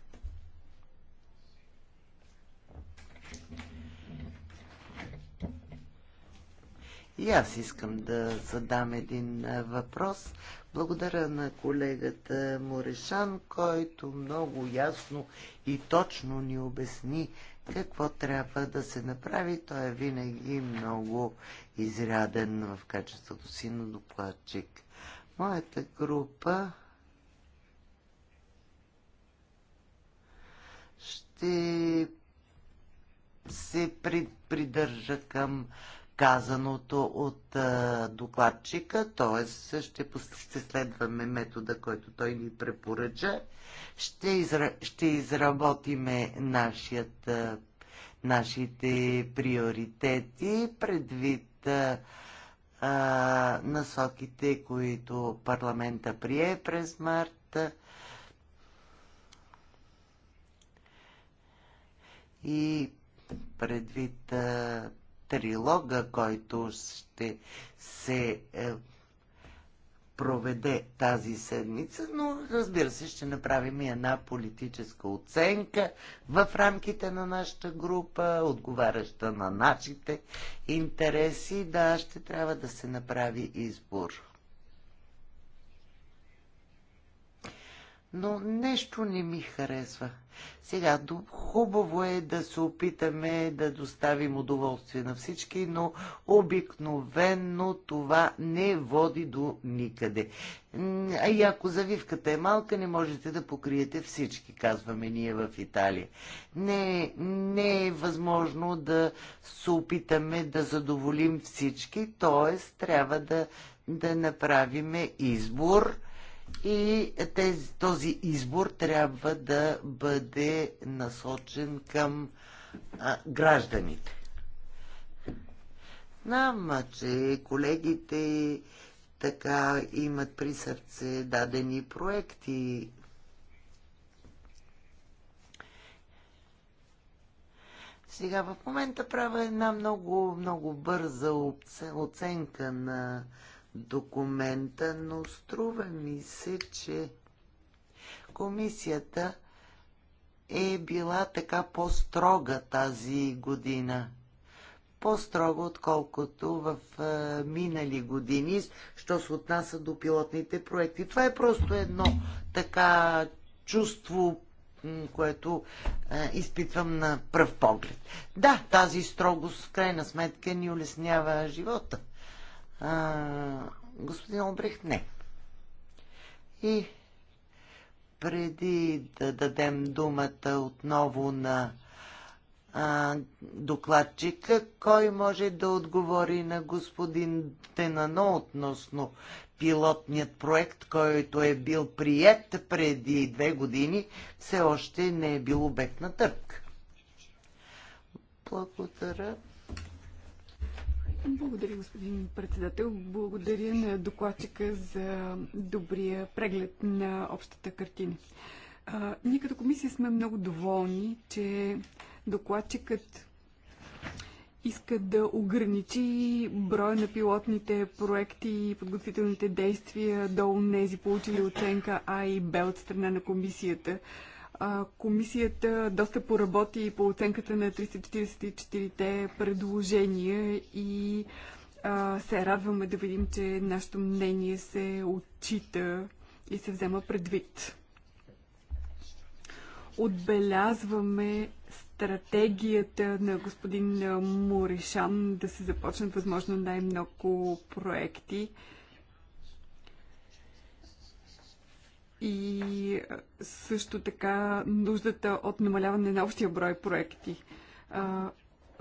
И аз искам да задам един въпрос. Благодаря на колегата Морешан, който много ясно и точно ни обясни какво трябва да се направи. Той е винаги много изряден в качеството си на докладчик. Моята група ще се придържа към казаното от а, докладчика, т.е. Ще, ще следваме метода, който той ни препоръча. Ще, изра, ще изработиме нашият, а, нашите приоритети предвид а, а, насоките, които парламента прие през март. И предвид а, трилога, който ще се е, проведе тази седмица, но разбира се, ще направим и една политическа оценка в рамките на нашата група, отговаряща на нашите интереси. Да, ще трябва да се направи избор. но нещо не ми харесва. Сега, хубаво е да се опитаме да доставим удоволствие на всички, но обикновенно това не води до никъде. А и ако завивката е малка, не можете да покриете всички, казваме ние в Италия. Не, не е възможно да се опитаме да задоволим всички, т.е. трябва да, да направиме избор – и тези, този избор трябва да бъде насочен към а, гражданите. Нам че колегите така имат при сърце дадени проекти. Сега в момента правя една много, много бърза оценка на документа, но струва ми се, че комисията е била така по-строга тази година. По-строго, отколкото в а, минали години, що се отнася до пилотните проекти. Това е просто едно така чувство, което а, изпитвам на пръв поглед. Да, тази строгост в крайна сметка ни улеснява живота господин Обрехт, не. И преди да дадем думата отново на а, докладчика, кой може да отговори на господин Тенано относно пилотният проект, който е бил прият преди две години, все още не е бил обект на търк. Благодаря. Благодаря, господин председател. Благодаря на докладчика за добрия преглед на общата картина. А, ние като комисия сме много доволни, че докладчикът иска да ограничи броя на пилотните проекти и подготвителните действия до нези, получили оценка А и Б от страна на комисията комисията доста поработи по оценката на 344-те предложения и а, се радваме да видим, че нашето мнение се отчита и се взема предвид. Отбелязваме стратегията на господин Морешан да се започнат възможно най-много проекти. и също така нуждата от намаляване на общия брой проекти. А,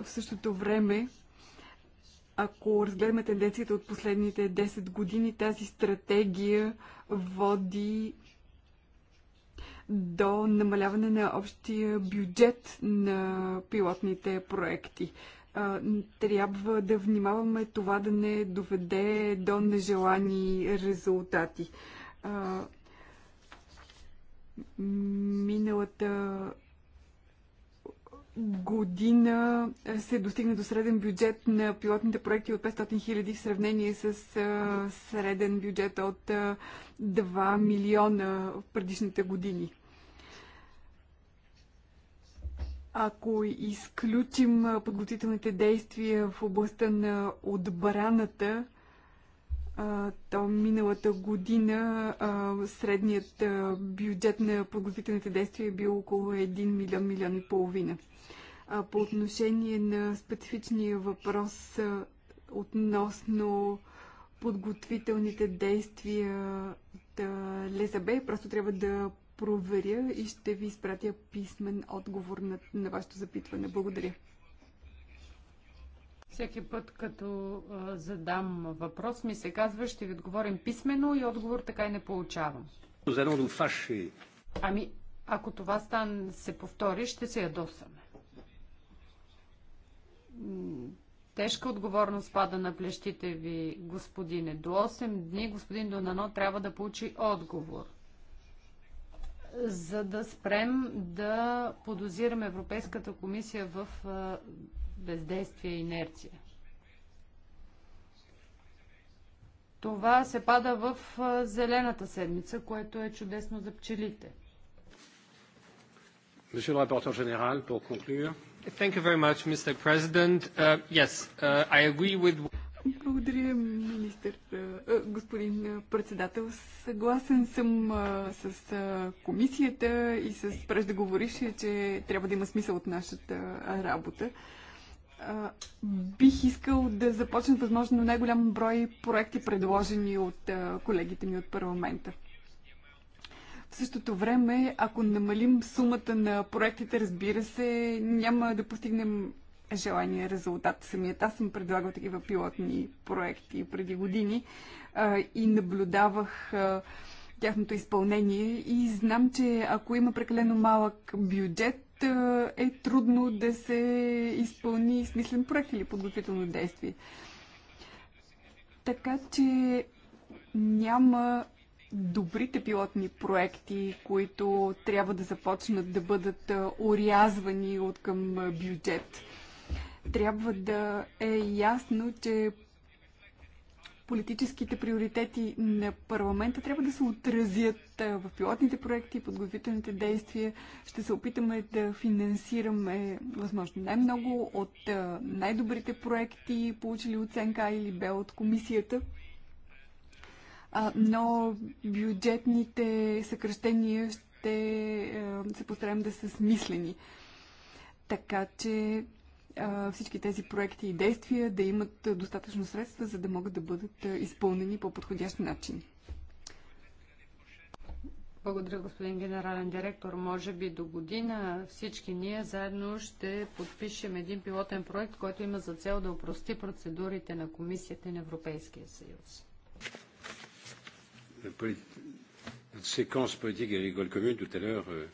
в същото време, ако разгледаме тенденцията от последните 10 години, тази стратегия води до намаляване на общия бюджет на пилотните проекти. Трябва да внимаваме това да не доведе до нежелани резултати. Миналата година се достигна до среден бюджет на пилотните проекти от 500 хиляди в сравнение с среден бюджет от 2 милиона в предишните години. Ако изключим подготвителните действия в областта на отбраната, то миналата година средният бюджет на подготвителните действия е бил около 1 милион, милион и половина. По отношение на специфичния въпрос относно подготвителните действия от Лезабе, просто трябва да проверя и ще ви изпратя писмен отговор на, на вашето запитване. Благодаря. Всеки път, като а, задам въпрос, ми се казва, ще ви отговорим писменно и отговор така и не получавам. Ами, ако това стан се повтори, ще се ядосаме. Тежка отговорност пада на плещите ви, господине. До 8 дни господин Донано трябва да получи отговор за да спрем да подозираме Европейската комисия в бездействие и инерция. Това се пада в зелената седмица, което е чудесно за пчелите. Monsieur le rapporteur général, pour conclure. Thank you very much, Mr. President. Uh, yes, uh, I agree with... Благодаря, министър, господин председател. Съгласен съм с комисията и с преждеговорившия, че трябва да има смисъл от нашата работа бих искал да започна възможно най-голям брой проекти, предложени от колегите ми от парламента. В същото време, ако намалим сумата на проектите, разбира се, няма да постигнем желания резултат. Самият аз съм предлагал такива пилотни проекти преди години и наблюдавах тяхното изпълнение и знам, че ако има прекалено малък бюджет, е трудно да се изпълни смислен проект или подготвително действие. Така че няма добрите пилотни проекти, които трябва да започнат да бъдат орязвани от към бюджет. Трябва да е ясно, че политическите приоритети на парламента трябва да се отразят в пилотните проекти, подготвителните действия. Ще се опитаме да финансираме възможно най-много от най-добрите проекти, получили оценка или бе от комисията. Но бюджетните съкръщения ще се постараем да са смислени. Така че всички тези проекти и действия да имат достатъчно средства, за да могат да бъдат изпълнени по подходящ начин. Благодаря, господин генерален директор. Може би до година всички ние заедно ще подпишем един пилотен проект, който има за цел да упрости процедурите на Комисията на Европейския съюз. Séquence политика и commune tout à е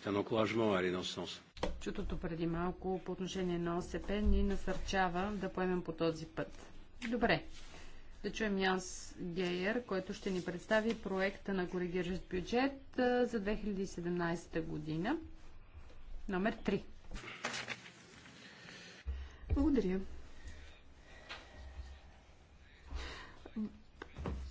est un encouragement à aller dans ce sens чутото преди малко по отношение на ОСП ни насърчава да поемем по този път. Добре, да чуем Янс Гейер, който ще ни представи проекта на коригиращ бюджет за 2017 година, номер 3. Благодаря,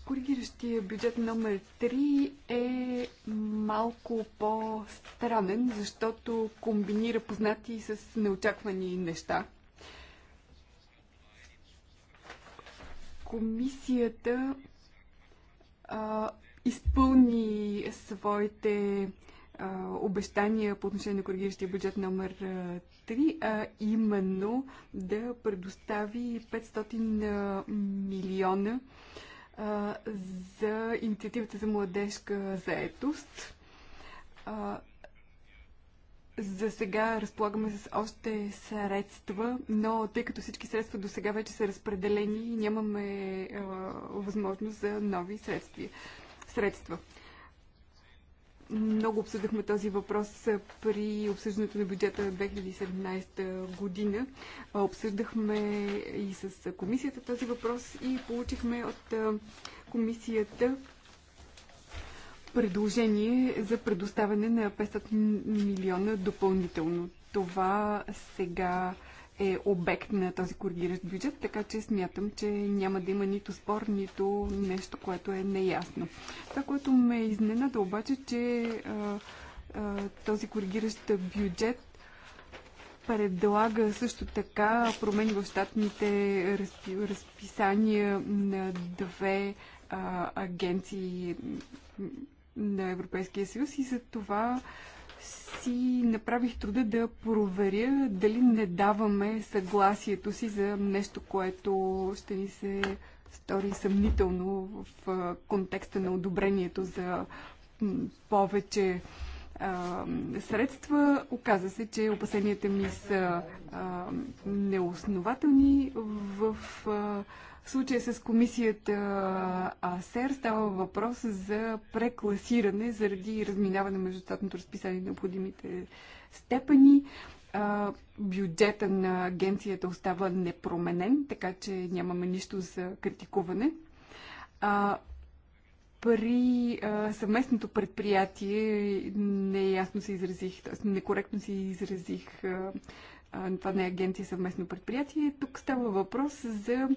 Коригиращия бюджет номер 3 е малко по-странен, защото комбинира познати с неочаквани неща. Комисията а, изпълни своите а, обещания по отношение на коригиращия бюджет номер 3, а именно да предостави 500 милиона а, а, за инициативата за младежка заетост. А, за сега разполагаме с още средства, но тъй като всички средства до сега вече са разпределени, нямаме а, възможност за нови средства. средства. Много обсъдахме този въпрос при обсъждането на бюджета 2017 година. Обсъждахме и с комисията този въпрос и получихме от комисията предложение за предоставяне на 500 милиона допълнително. Това сега е обект на този коригиращ бюджет, така че смятам, че няма да има нито спор, нито нещо, което е неясно. Това, което ме изненада обаче, че а, а, този коригиращ бюджет предлага също така промени в щатните разпи, разписания на две а, агенции на Европейския съюз и за това си направих труда да проверя дали не даваме съгласието си за нещо, което ще ни се стори съмнително в контекста на одобрението за повече а, средства. Оказа се, че опасенията ми са а, неоснователни в а, в случая с комисията АСЕР става въпрос за прекласиране заради разминаване между щатното разписание на необходимите степени. Бюджета на агенцията остава непроменен, така че нямаме нищо за критикуване. При съвместното предприятие неясно се изразих, т.е. некоректно се изразих това не е агенция съвместно предприятие. Тук става въпрос за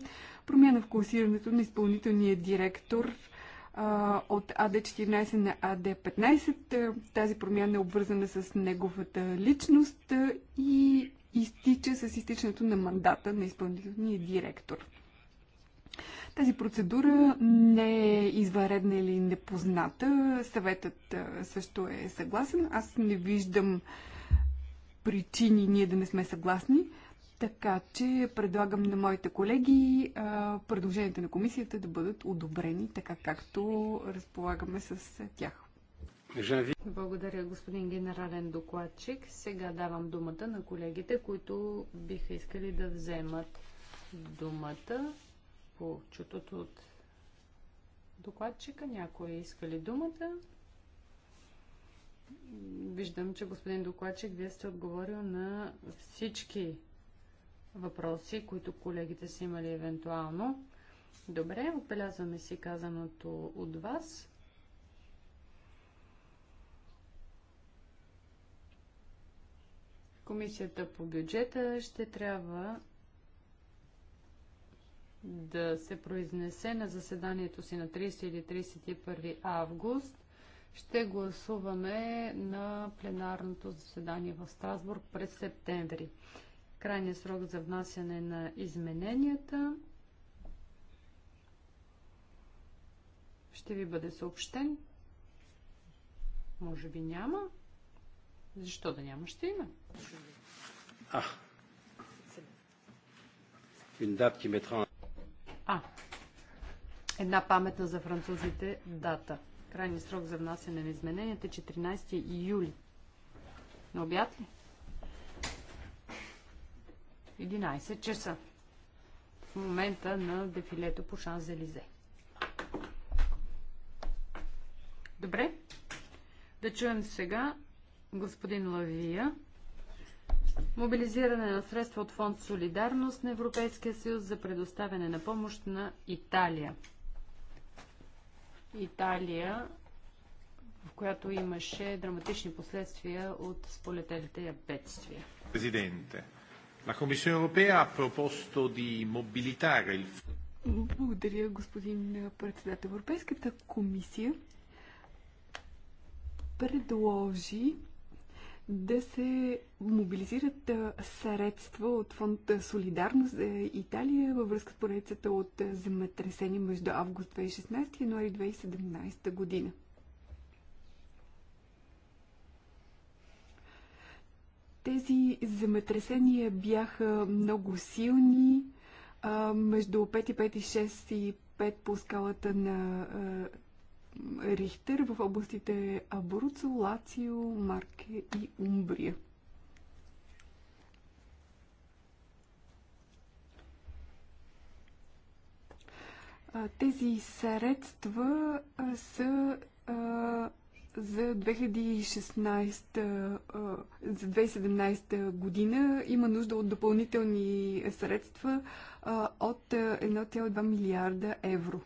промяна в класирането на изпълнителния директор от АД-14 на АД-15. Тази промяна е обвързана с неговата личност и изтича с изтичането на мандата на изпълнителния директор. Тази процедура не е изваредна или непозната. Съветът също е съгласен. Аз не виждам причини ние да не сме съгласни. Така че предлагам на моите колеги предложенията на комисията да бъдат одобрени така както разполагаме с тях. Благодаря, господин генерален докладчик. Сега давам думата на колегите, които биха искали да вземат думата по чутото от докладчика. Някой иска ли думата? Виждам, че господин докладчик, вие сте отговорил на всички въпроси, които колегите са имали евентуално. Добре, отбелязваме си казаното от вас. Комисията по бюджета ще трябва да се произнесе на заседанието си на 30 или 31 август. Ще гласуваме на пленарното заседание в Страсбург през септември крайния срок за внасяне на измененията ще ви бъде съобщен. Може би няма. Защо да няма? Ще има. А. А. Една паметна за французите дата. Крайни срок за внасяне на измененията е 14 юли. На обяд ли? 11 часа. В момента на дефилето по Шанзелизе. Добре. Да чуем сега господин Лавия. Мобилизиране на средства от фонд Солидарност на Европейския съюз за предоставяне на помощ на Италия. Италия, в която имаше драматични последствия от сполетелите и бедствия. Президенте, La Commissione europea ha proposto di mobilitare il... Благодаря, господин председател. Европейската комисия предложи да се мобилизират средства от фонд Солидарност за Италия във връзка с поредицата от земетресение между август 2016 и януари 2017 година. Тези земетресения бяха много силни, а, между 5 и 5 и 6 и 5 по скалата на а, Рихтер в областите Абруцо, Лацио, Марке и Умбрия. Тези средства са за 2016, за 2017 година има нужда от допълнителни средства от 1,2 милиарда евро.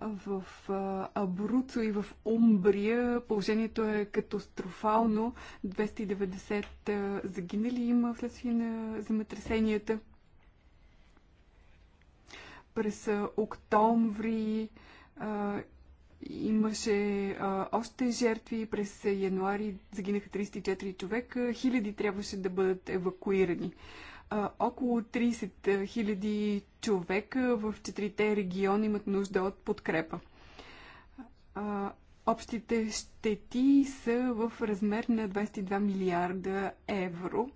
В Абруцо и в Умбрия положението е катастрофално. 290 загинали има вследствие на земетресенията. През октомври Имаше а, още жертви. През януари загинаха 34 човека. Хиляди трябваше да бъдат евакуирани. А, около 30 хиляди човека в четирите региони имат нужда от подкрепа. А, общите щети са в размер на 22 милиарда евро.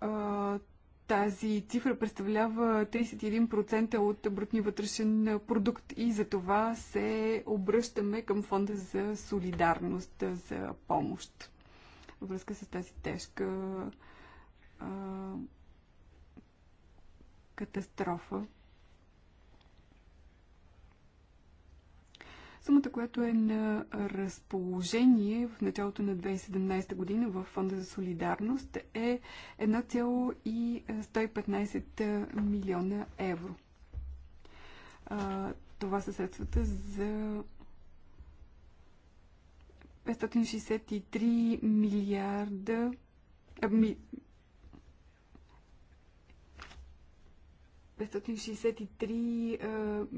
А, тази цифра представлява 31% от брутния вътрешен продукт и за това се обръщаме към Фонда за солидарност, за помощ във връзка с тази тежка а, катастрофа. Сумата, която е на разположение в началото на 2017 година в Фонда за солидарност е 1,115 милиона евро. Това са средствата за 563 милиарда 563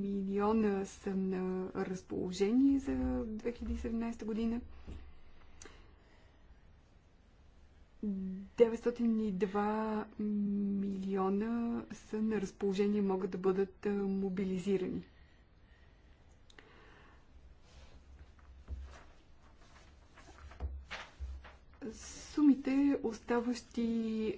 милиона са на разположение за 2017 година. 902 милиона са на разположение, могат да бъдат мобилизирани. Сумите, оставащи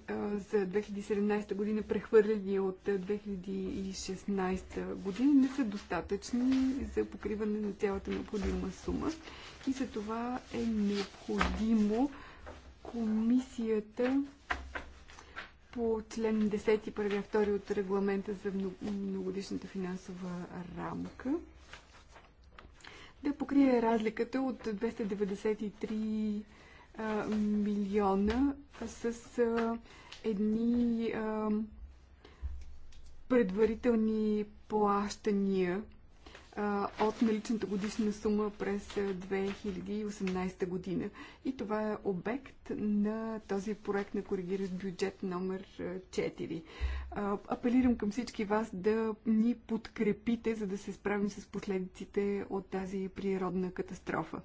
за 2017 година, прехвърлени от 2016 година, не са достатъчни за покриване на цялата необходима сума. И за това е необходимо комисията по член 10, параграф 2 от регламента за многодишната финансова рамка да покрие разликата от 293 милиона с едни предварителни плащания от наличната годишна сума през 2018 година. И това е обект на този проект на коригиращ бюджет номер 4. Апелирам към всички вас да ни подкрепите, за да се справим с последиците от тази природна катастрофа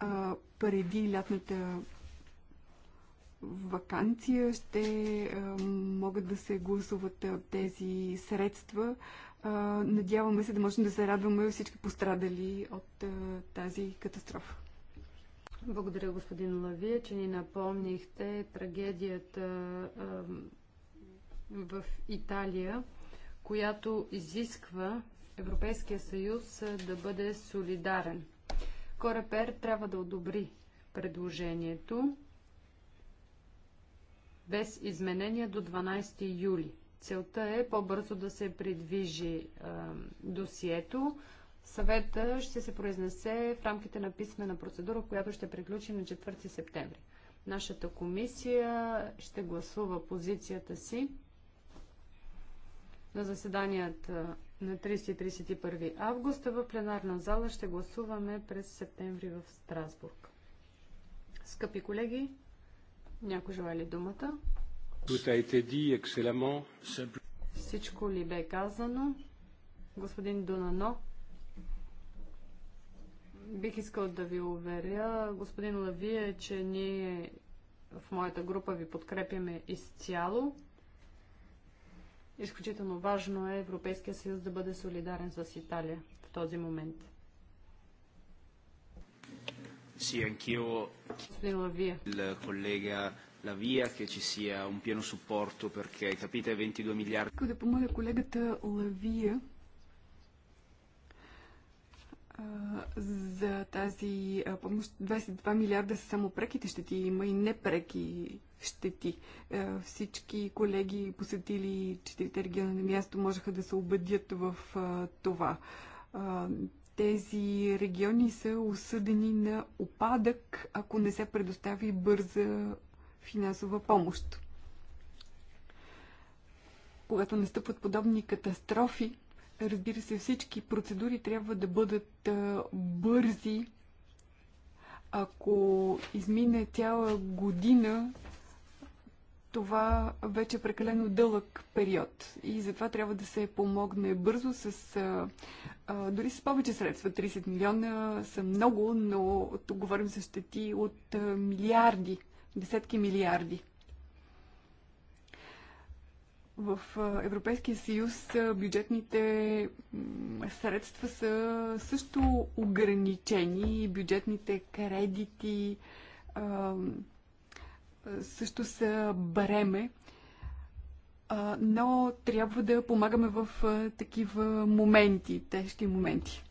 а, преди лятната вакансия ще а, могат да се гласуват а, тези средства. А, надяваме се да можем да се радваме всички пострадали от а, тази катастрофа. Благодаря, господин Лавия, че ни напомнихте трагедията а, в Италия, която изисква Европейския съюз да бъде солидарен. Корепер трябва да одобри предложението без изменения до 12 юли. Целта е по-бързо да се придвижи е, досието. Съвета ще се произнесе в рамките на писмена процедура, която ще приключи на 4 септември. Нашата комисия ще гласува позицията си на заседанията на 30 и 31 август, а в пленарна зала ще гласуваме през септември в Страсбург. Скъпи колеги, някой желая ли думата? Всичко ли бе казано? Господин Дунано, бих искал да ви уверя, господин Лавие, че ние в моята група ви подкрепяме изцяло. Изключително важно е Европейския съюз да бъде солидарен с Италия в този момент. Sì, anch'io il collega Lavia che ci sia un pieno supporto perché capite 22 miliardi. Искам да помоля колегата Лавия за тази помощ 22 милиарда са само преките щети, има и непреки щети. Всички колеги, посетили четирите региона на място, можеха да се убедят в това. Тези региони са осъдени на опадък, ако не се предостави бърза финансова помощ. Когато настъпват подобни катастрофи, Разбира се, всички процедури трябва да бъдат бързи. Ако измине цяла година, това вече е прекалено дълъг период. И затова трябва да се помогне бързо с а, а, дори с повече средства. 30 милиона са много, но тук говорим за щети от а, милиарди, десетки милиарди. В Европейския съюз бюджетните средства са също ограничени, бюджетните кредити също са бреме, но трябва да помагаме в такива моменти, тежки моменти.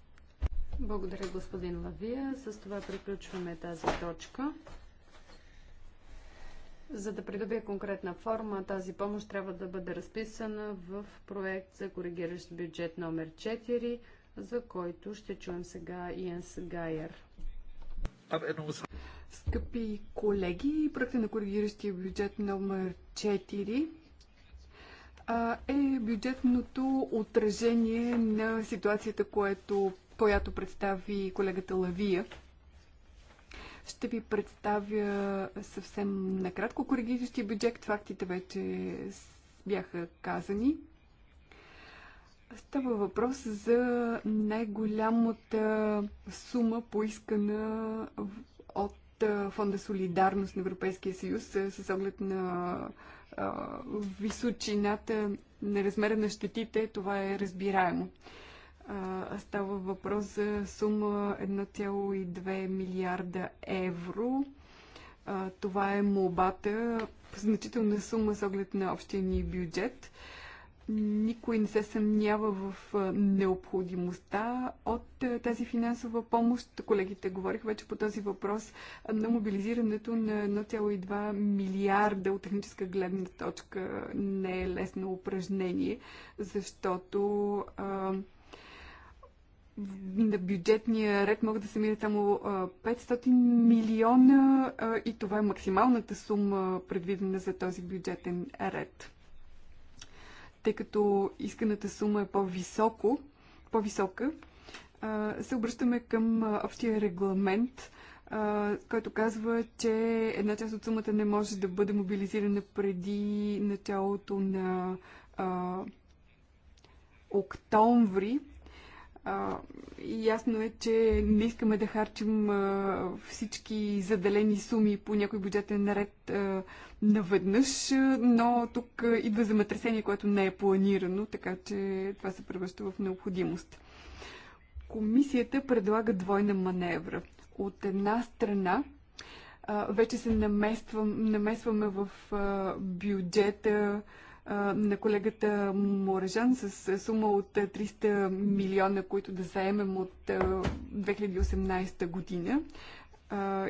Благодаря, господин Лавия. С това приключваме тази точка. За да придобие конкретна форма, тази помощ трябва да бъде разписана в проект за коригиращ бюджет номер 4, за който ще чуем сега Иенс Гайер. Скъпи колеги, проектът на коригиращия бюджет номер 4 е бюджетното отражение на ситуацията, което, която представи колегата Лавия. Ще ви представя съвсем накратко коригиращия бюджет. Фактите вече бяха казани. Става въпрос за най-голямата сума поискана от Фонда Солидарност на Европейския съюз с оглед на височината на размера на щетите. Това е разбираемо. Става въпрос за сума 1,2 милиарда евро. Това е молбата, значителна сума с оглед на общия ни бюджет. Никой не се съмнява в необходимостта от тази финансова помощ. Колегите говорих вече по този въпрос на мобилизирането на 1,2 милиарда от техническа гледна точка не е лесно упражнение, защото на бюджетния ред могат да се мине само 500 милиона и това е максималната сума предвидена за този бюджетен ред. Тъй като исканата сума е по-високо, по-висока, се обръщаме към общия регламент, който казва, че една част от сумата не може да бъде мобилизирана преди началото на октомври а, ясно е, че не искаме да харчим а, всички заделени суми по някой бюджетен ред а, наведнъж, но тук идва земетресение, което не е планирано, така че това се превръща в необходимост. Комисията предлага двойна маневра. От една страна, вече се намесваме в бюджета на колегата Моражан с сума от 300 милиона, които да заемем от 2018 година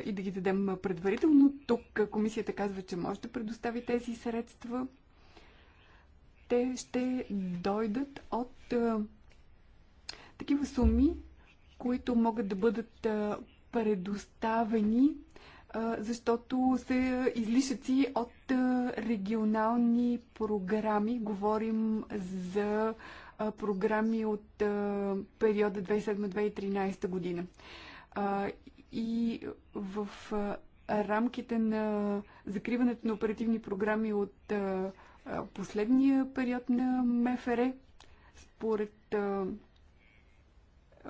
и да ги дадем предварително. Тук комисията казва, че може да предостави тези средства. Те ще дойдат от такива суми, които могат да бъдат предоставени защото са излишъци от регионални програми. Говорим за програми от периода 2007-2013 година. И в рамките на закриването на оперативни програми от последния период на МФР, според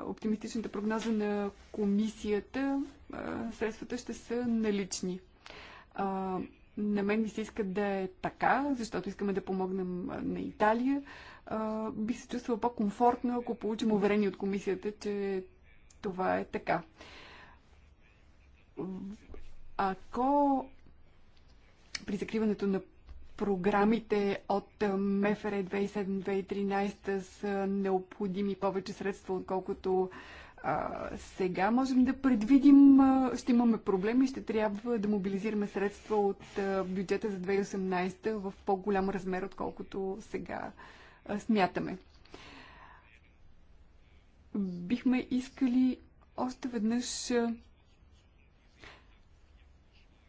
оптимистичната прогноза на комисията, средствата ще са налични. На мен ми се иска да е така, защото искаме да помогнем на Италия. Би се чувствала по-комфортно, ако получим уверение от комисията, че това е така. Ако при закриването на програмите от МФР 2007-2013 са необходими повече средства, отколкото а, сега можем да предвидим, а, ще имаме проблеми, ще трябва да мобилизираме средства от а, бюджета за 2018 в по-голям размер, отколкото сега а, смятаме. Бихме искали още веднъж а,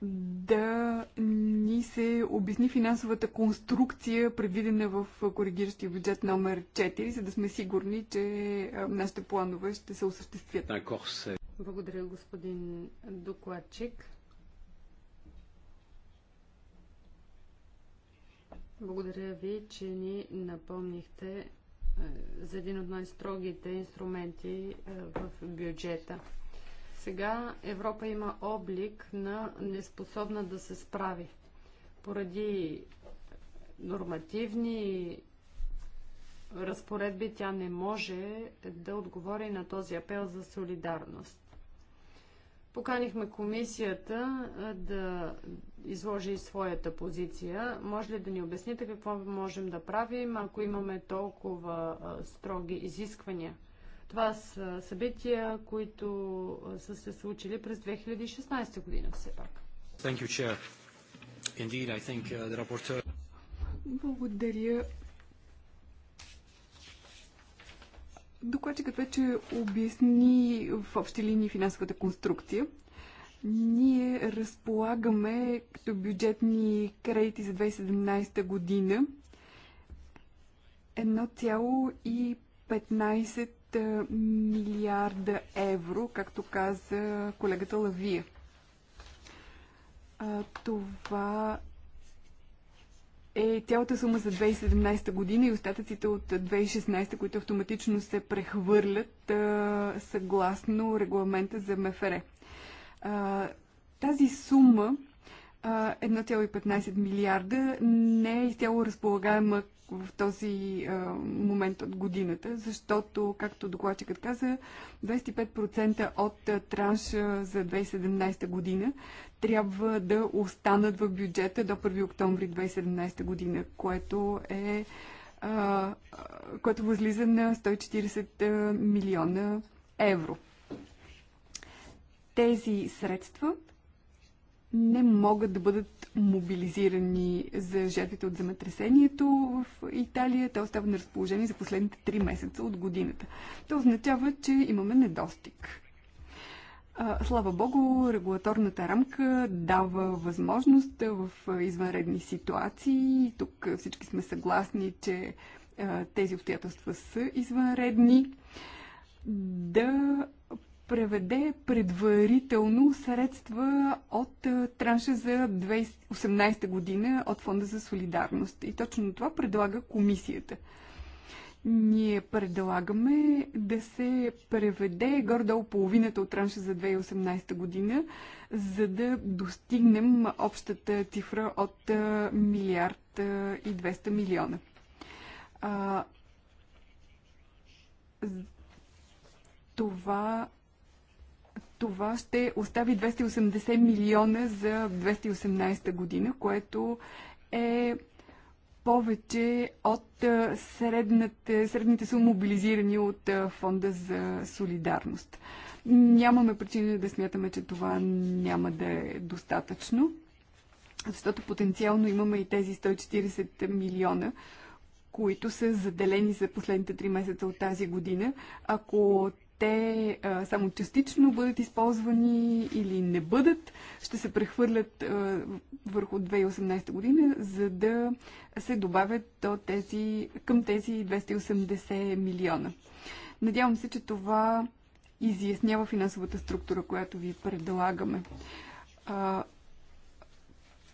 да ни се обясни финансовата конструкция, предвидена в коригиращия бюджет номер 4, за да сме сигурни, че нашите планове ще се осъществят. Благодаря, господин докладчик. Благодаря ви, че ни напомнихте за един от най-строгите инструменти в бюджета – сега Европа има облик на неспособна да се справи. Поради нормативни разпоредби тя не може да отговори на този апел за солидарност. Поканихме комисията да изложи своята позиция. Може ли да ни обясните какво можем да правим, ако имаме толкова строги изисквания? Това са събития, които са се случили през 2016 година все пак. Thank you, Chair. Indeed, I think uh, the rapporteur... Благодаря. Докладчикът вече обясни в общи линии финансовата конструкция. Ние разполагаме като бюджетни кредити за 2017 година 1,15 милиарда евро, както каза колегата Лавия. Това е цялата сума за 2017 година и остатъците от 2016, които автоматично се прехвърлят съгласно регламента за МФР. Тази сума 1,15 милиарда не е изцяло разполагаема в този а, момент от годината, защото, както докладчикът каза, 25% от транша за 2017 година трябва да останат в бюджета до 1 октомври 2017 година, което е а, което възлиза на 140 милиона евро. Тези средства не могат да бъдат мобилизирани за жертвите от земетресението в Италия. Те остават на разположение за последните три месеца от годината. Това означава, че имаме недостиг. Слава Богу, регулаторната рамка дава възможност в извънредни ситуации. Тук всички сме съгласни, че тези обстоятелства са извънредни. Да преведе предварително средства от транша за 2018 година от Фонда за солидарност. И точно това предлага комисията. Ние предлагаме да се преведе горе-долу половината от транша за 2018 година, за да достигнем общата цифра от милиард и 200 милиона това това ще остави 280 милиона за 2018 година, което е повече от средната, средните са мобилизирани от Фонда за солидарност. Нямаме причина да смятаме, че това няма да е достатъчно, защото потенциално имаме и тези 140 милиона, които са заделени за последните 3 месеца от тази година. Ако те а, само частично бъдат използвани или не бъдат, ще се прехвърлят а, върху 2018 година, за да се добавят до тези, към тези 280 милиона. Надявам се, че това изяснява финансовата структура, която ви предлагаме. А,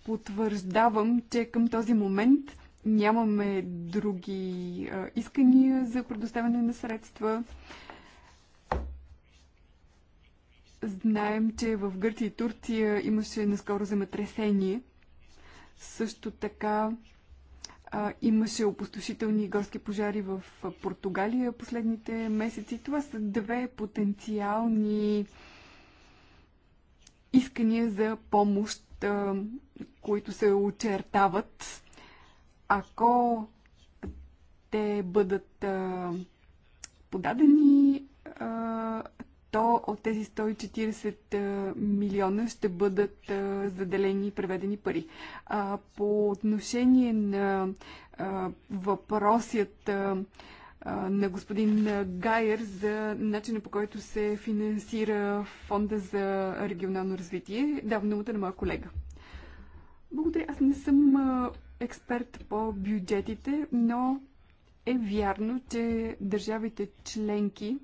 потвърждавам, че към този момент нямаме други а, искания за предоставяне на средства. А, Знаем, че в Гърция и Турция имаше наскоро земетресение. Също така а, имаше опустошителни горски пожари в Португалия последните месеци. Това са две потенциални искания за помощ, а, които се очертават. Ако те бъдат а, подадени, а, 100 от тези 140 милиона ще бъдат заделени и преведени пари. По отношение на въпросът на господин Гайер за начина по който се финансира фонда за регионално развитие. Давам думата на моя колега. Благодаря. Аз не съм експерт по бюджетите, но е вярно, че държавите членки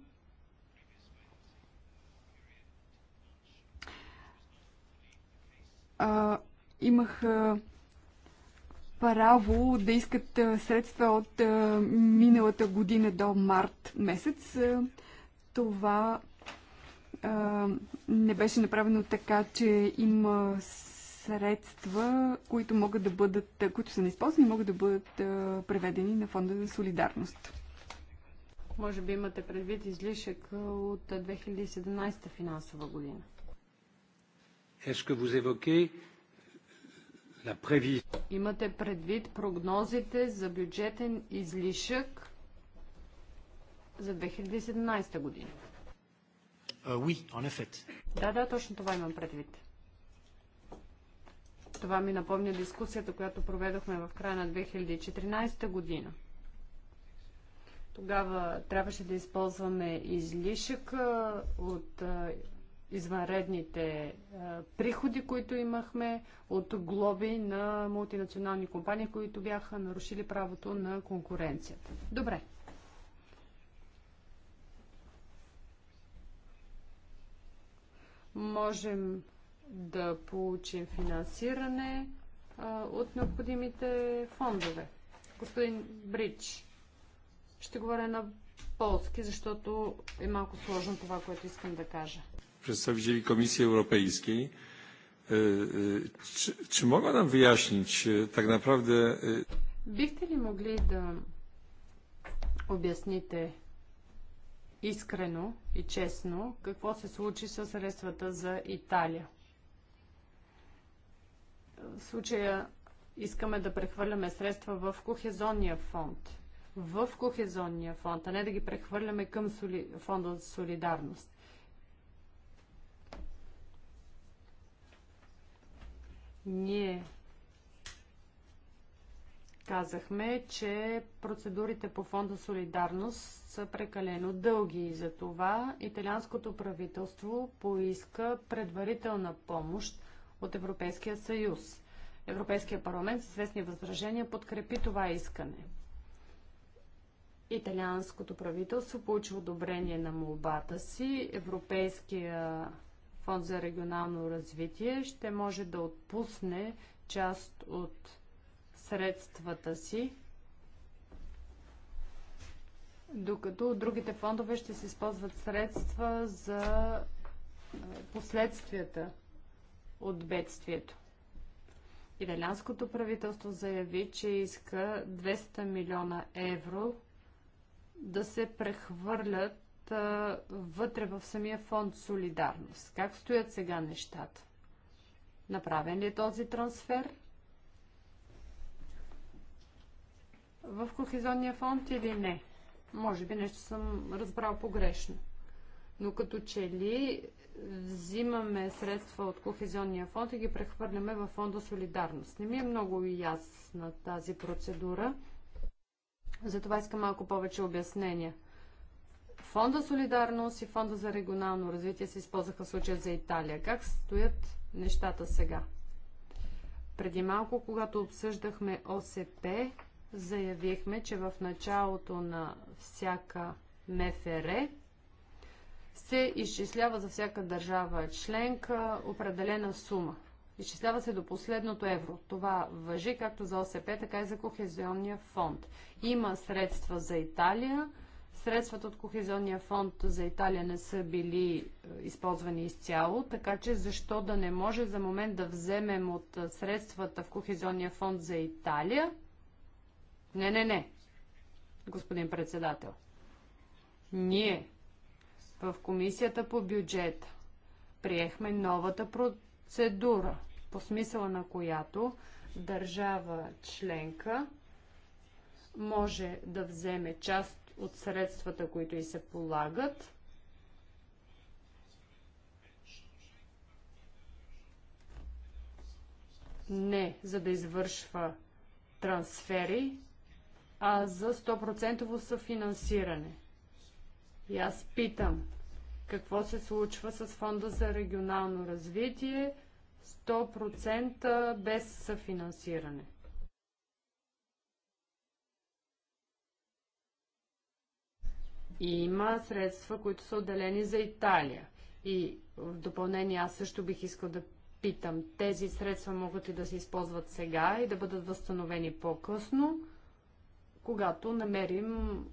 а, а, право да искат средства от а, миналата година до март месец. Това а, не беше направено така, че има средства, които могат да бъдат, които са неизползвани, могат да бъдат а, преведени на фонда за солидарност. Може би имате предвид излишък от 2017 финансова година. Est-ce que vous évoquez la prévision? Имате предвид прогнозите за бюджетен излишък за 2017 година? Uh, е, oui, en effet. Да, да, точно това имам предвид. Това ми напомня дискусията, която проведохме в края на 2014 година. Тогава трябваше да използваме излишък от е, извънредните е, приходи, които имахме от глоби на мултинационални компании, които бяха нарушили правото на конкуренцията. Добре. Можем да получим финансиране а, е, от необходимите фондове. Господин Брич, ще говоря на полски, защото е малко сложно това, което искам да кажа przedstawicieli Komisji Europejskiej. E, e, czy mogła nam wyjaśnić e, tak naprawdę... Бихте ли могли да обясните искрено и честно какво се случи с средствата за Италия? В случая искаме да прехвърляме средства в кохезонния фонд. В кохезонния фонд, а не да ги прехвърляме към фонда за солидарност. Ние казахме, че процедурите по фонда Солидарност са прекалено дълги и за това италианското правителство поиска предварителна помощ от Европейския съюз. Европейския парламент с известни възражения подкрепи това искане. Италианското правителство получи одобрение на молбата си. Европейския фонд за регионално развитие ще може да отпусне част от средствата си, докато другите фондове ще се използват средства за е, последствията от бедствието. Италианското правителство заяви, че иска 200 милиона евро да се прехвърлят вътре в самия фонд Солидарност? Как стоят сега нещата? Направен ли е този трансфер? В Кохезонния фонд или не? Може би нещо съм разбрал погрешно. Но като че ли взимаме средства от Кохезионния фонд и ги прехвърляме във фонда Солидарност. Не ми е много ясна тази процедура. Затова искам малко повече обяснения. Фонда Солидарност и Фонда за регионално развитие се използваха в случая за Италия. Как стоят нещата сега? Преди малко, когато обсъждахме ОСП, заявихме, че в началото на всяка МФР се изчислява за всяка държава членка определена сума. Изчислява се до последното евро. Това въжи както за ОСП, така и за Кохезионния фонд. Има средства за Италия, Средствата от Кохезионния фонд за Италия не са били е, използвани изцяло, така че защо да не може за момент да вземем от е, средствата в Кохезионния фонд за Италия? Не, не, не, господин председател. Ние в Комисията по бюджета приехме новата процедура, по смисъла на която държава членка може да вземе част от средствата, които и се полагат. Не за да извършва трансфери, а за 100% съфинансиране. И аз питам, какво се случва с Фонда за регионално развитие 100% без съфинансиране? И има средства, които са отделени за Италия. И в допълнение аз също бих искал да питам, тези средства могат ли да се използват сега и да бъдат възстановени по-късно, когато намерим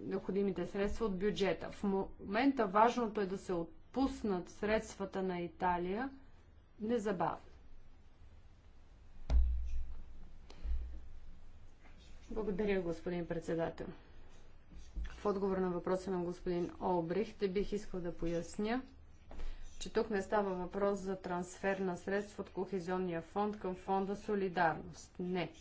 необходимите средства от бюджета. В момента важното е да се отпуснат средствата на Италия незабавно. Благодаря, господин председател. В отговор на въпроса на господин Олбрихт бих искал да поясня, че тук не става въпрос за трансфер на средства от Кохезионния фонд към фонда Солидарност. Не.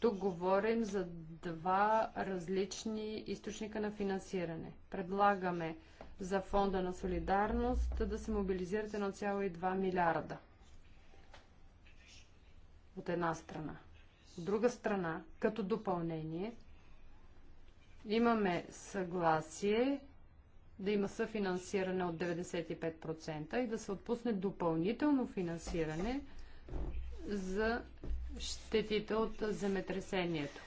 Тук говорим за два различни източника на финансиране. Предлагаме за фонда на Солидарност да се мобилизират 1,2 милиарда от една страна. От друга страна, като допълнение – Имаме съгласие да има съфинансиране от 95% и да се отпусне допълнително финансиране за щетите от земетресението.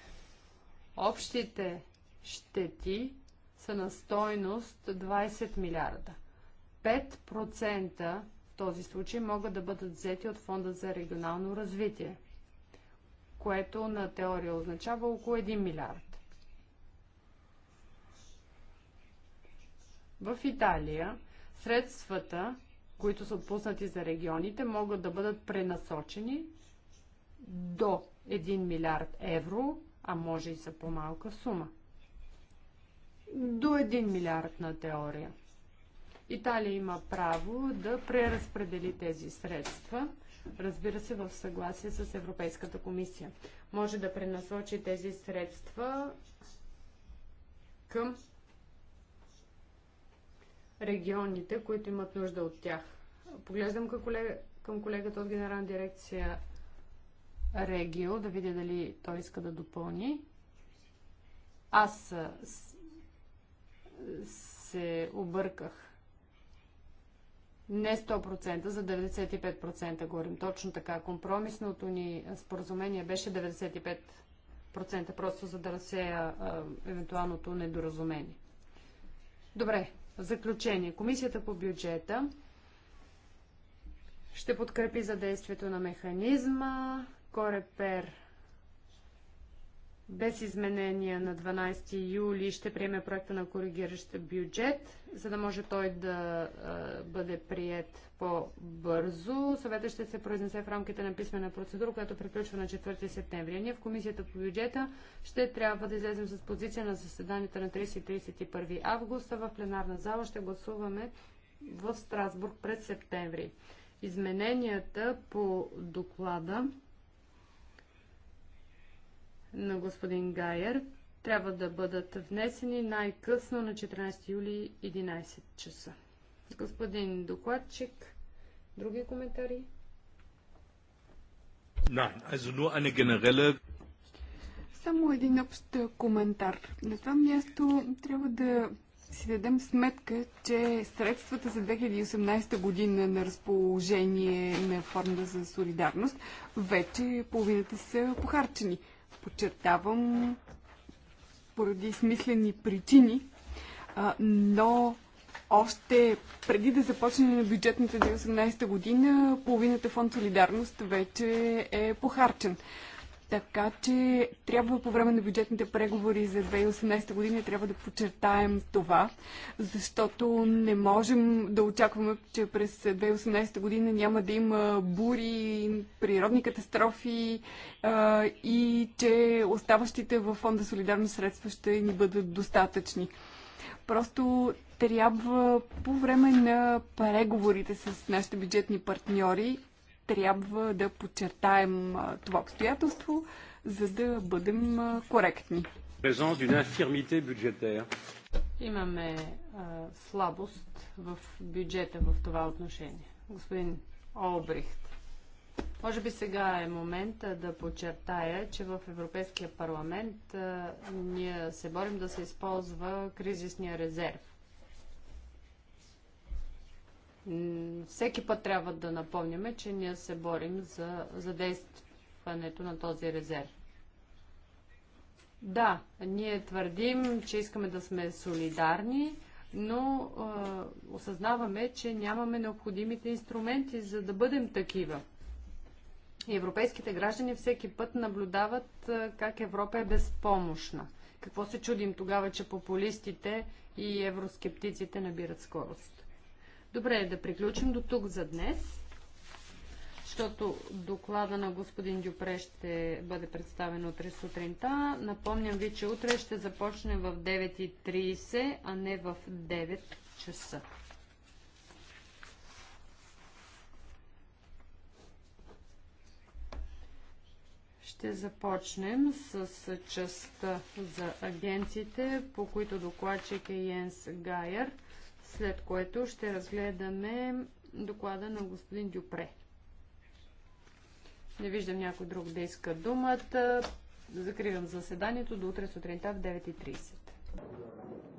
Общите щети са на стойност 20 милиарда. 5% в този случай могат да бъдат взети от Фонда за регионално развитие, което на теория означава около 1 милиард. В Италия средствата, които са отпуснати за регионите, могат да бъдат пренасочени до 1 милиард евро, а може и за по-малка сума. До 1 милиард на теория. Италия има право да преразпредели тези средства, разбира се, в съгласие с Европейската комисия. Може да пренасочи тези средства към регионите, които имат нужда от тях. Поглеждам към, колега, към колегата от Генерална дирекция Регио, да видя дали той иска да допълни. Аз се обърках. Не 100%, за 95% говорим. Точно така. Компромисното ни споразумение беше 95%, просто за да разсея евентуалното недоразумение. Добре, Заключение. Комисията по бюджета ще подкрепи за действието на механизма. Корепер без изменения на 12 юли ще приеме проекта на коригиращ бюджет, за да може той да а, бъде прият по-бързо. Съветът ще се произнесе в рамките на писмена процедура, която приключва на 4 септември. ние в Комисията по бюджета ще трябва да излезем с позиция на заседанията на 30 и 31 августа. В пленарна зала ще гласуваме в Страсбург през септември. Измененията по доклада на господин Гайер трябва да бъдат внесени най-късно на 14 юли 11 часа. Господин докладчик, други коментари? Nein, also nur eine generelle само един общ коментар. На това място трябва да си дадем сметка, че средствата за 2018 година на разположение на Фонда за солидарност вече половината са похарчени подчертавам, поради смислени причини, но още преди да започне на бюджетната 2018 година, половината фонд Солидарност вече е похарчен. Така че трябва по време на бюджетните преговори за 2018 година трябва да подчертаем това, защото не можем да очакваме, че през 2018 година няма да има бури, природни катастрофи а, и че оставащите в фонда солидарно средства ще ни бъдат достатъчни. Просто трябва по време на преговорите с нашите бюджетни партньори трябва да подчертаем това обстоятелство, за да бъдем коректни. Имаме а, слабост в бюджета в това отношение. Господин Олбрихт, може би сега е момент да подчертая, че в Европейския парламент а, ние се борим да се използва кризисния резерв всеки път трябва да напомняме, че ние се борим за за действането на този резерв. Да, ние твърдим, че искаме да сме солидарни, но е, осъзнаваме, че нямаме необходимите инструменти, за да бъдем такива. И европейските граждани всеки път наблюдават е, как Европа е безпомощна. Какво се чудим тогава, че популистите и евроскептиците набират скорост? Добре е да приключим до тук за днес, защото доклада на господин Дюпре ще бъде представен утре сутринта. Напомням ви, че утре ще започне в 9.30, а не в 9 часа. Ще започнем с частта за агенциите, по които докладчик е Йенс Гайер – след което ще разгледаме доклада на господин Дюпре. Не виждам някой друг да иска думата. Закривам заседанието до утре сутринта в 9.30.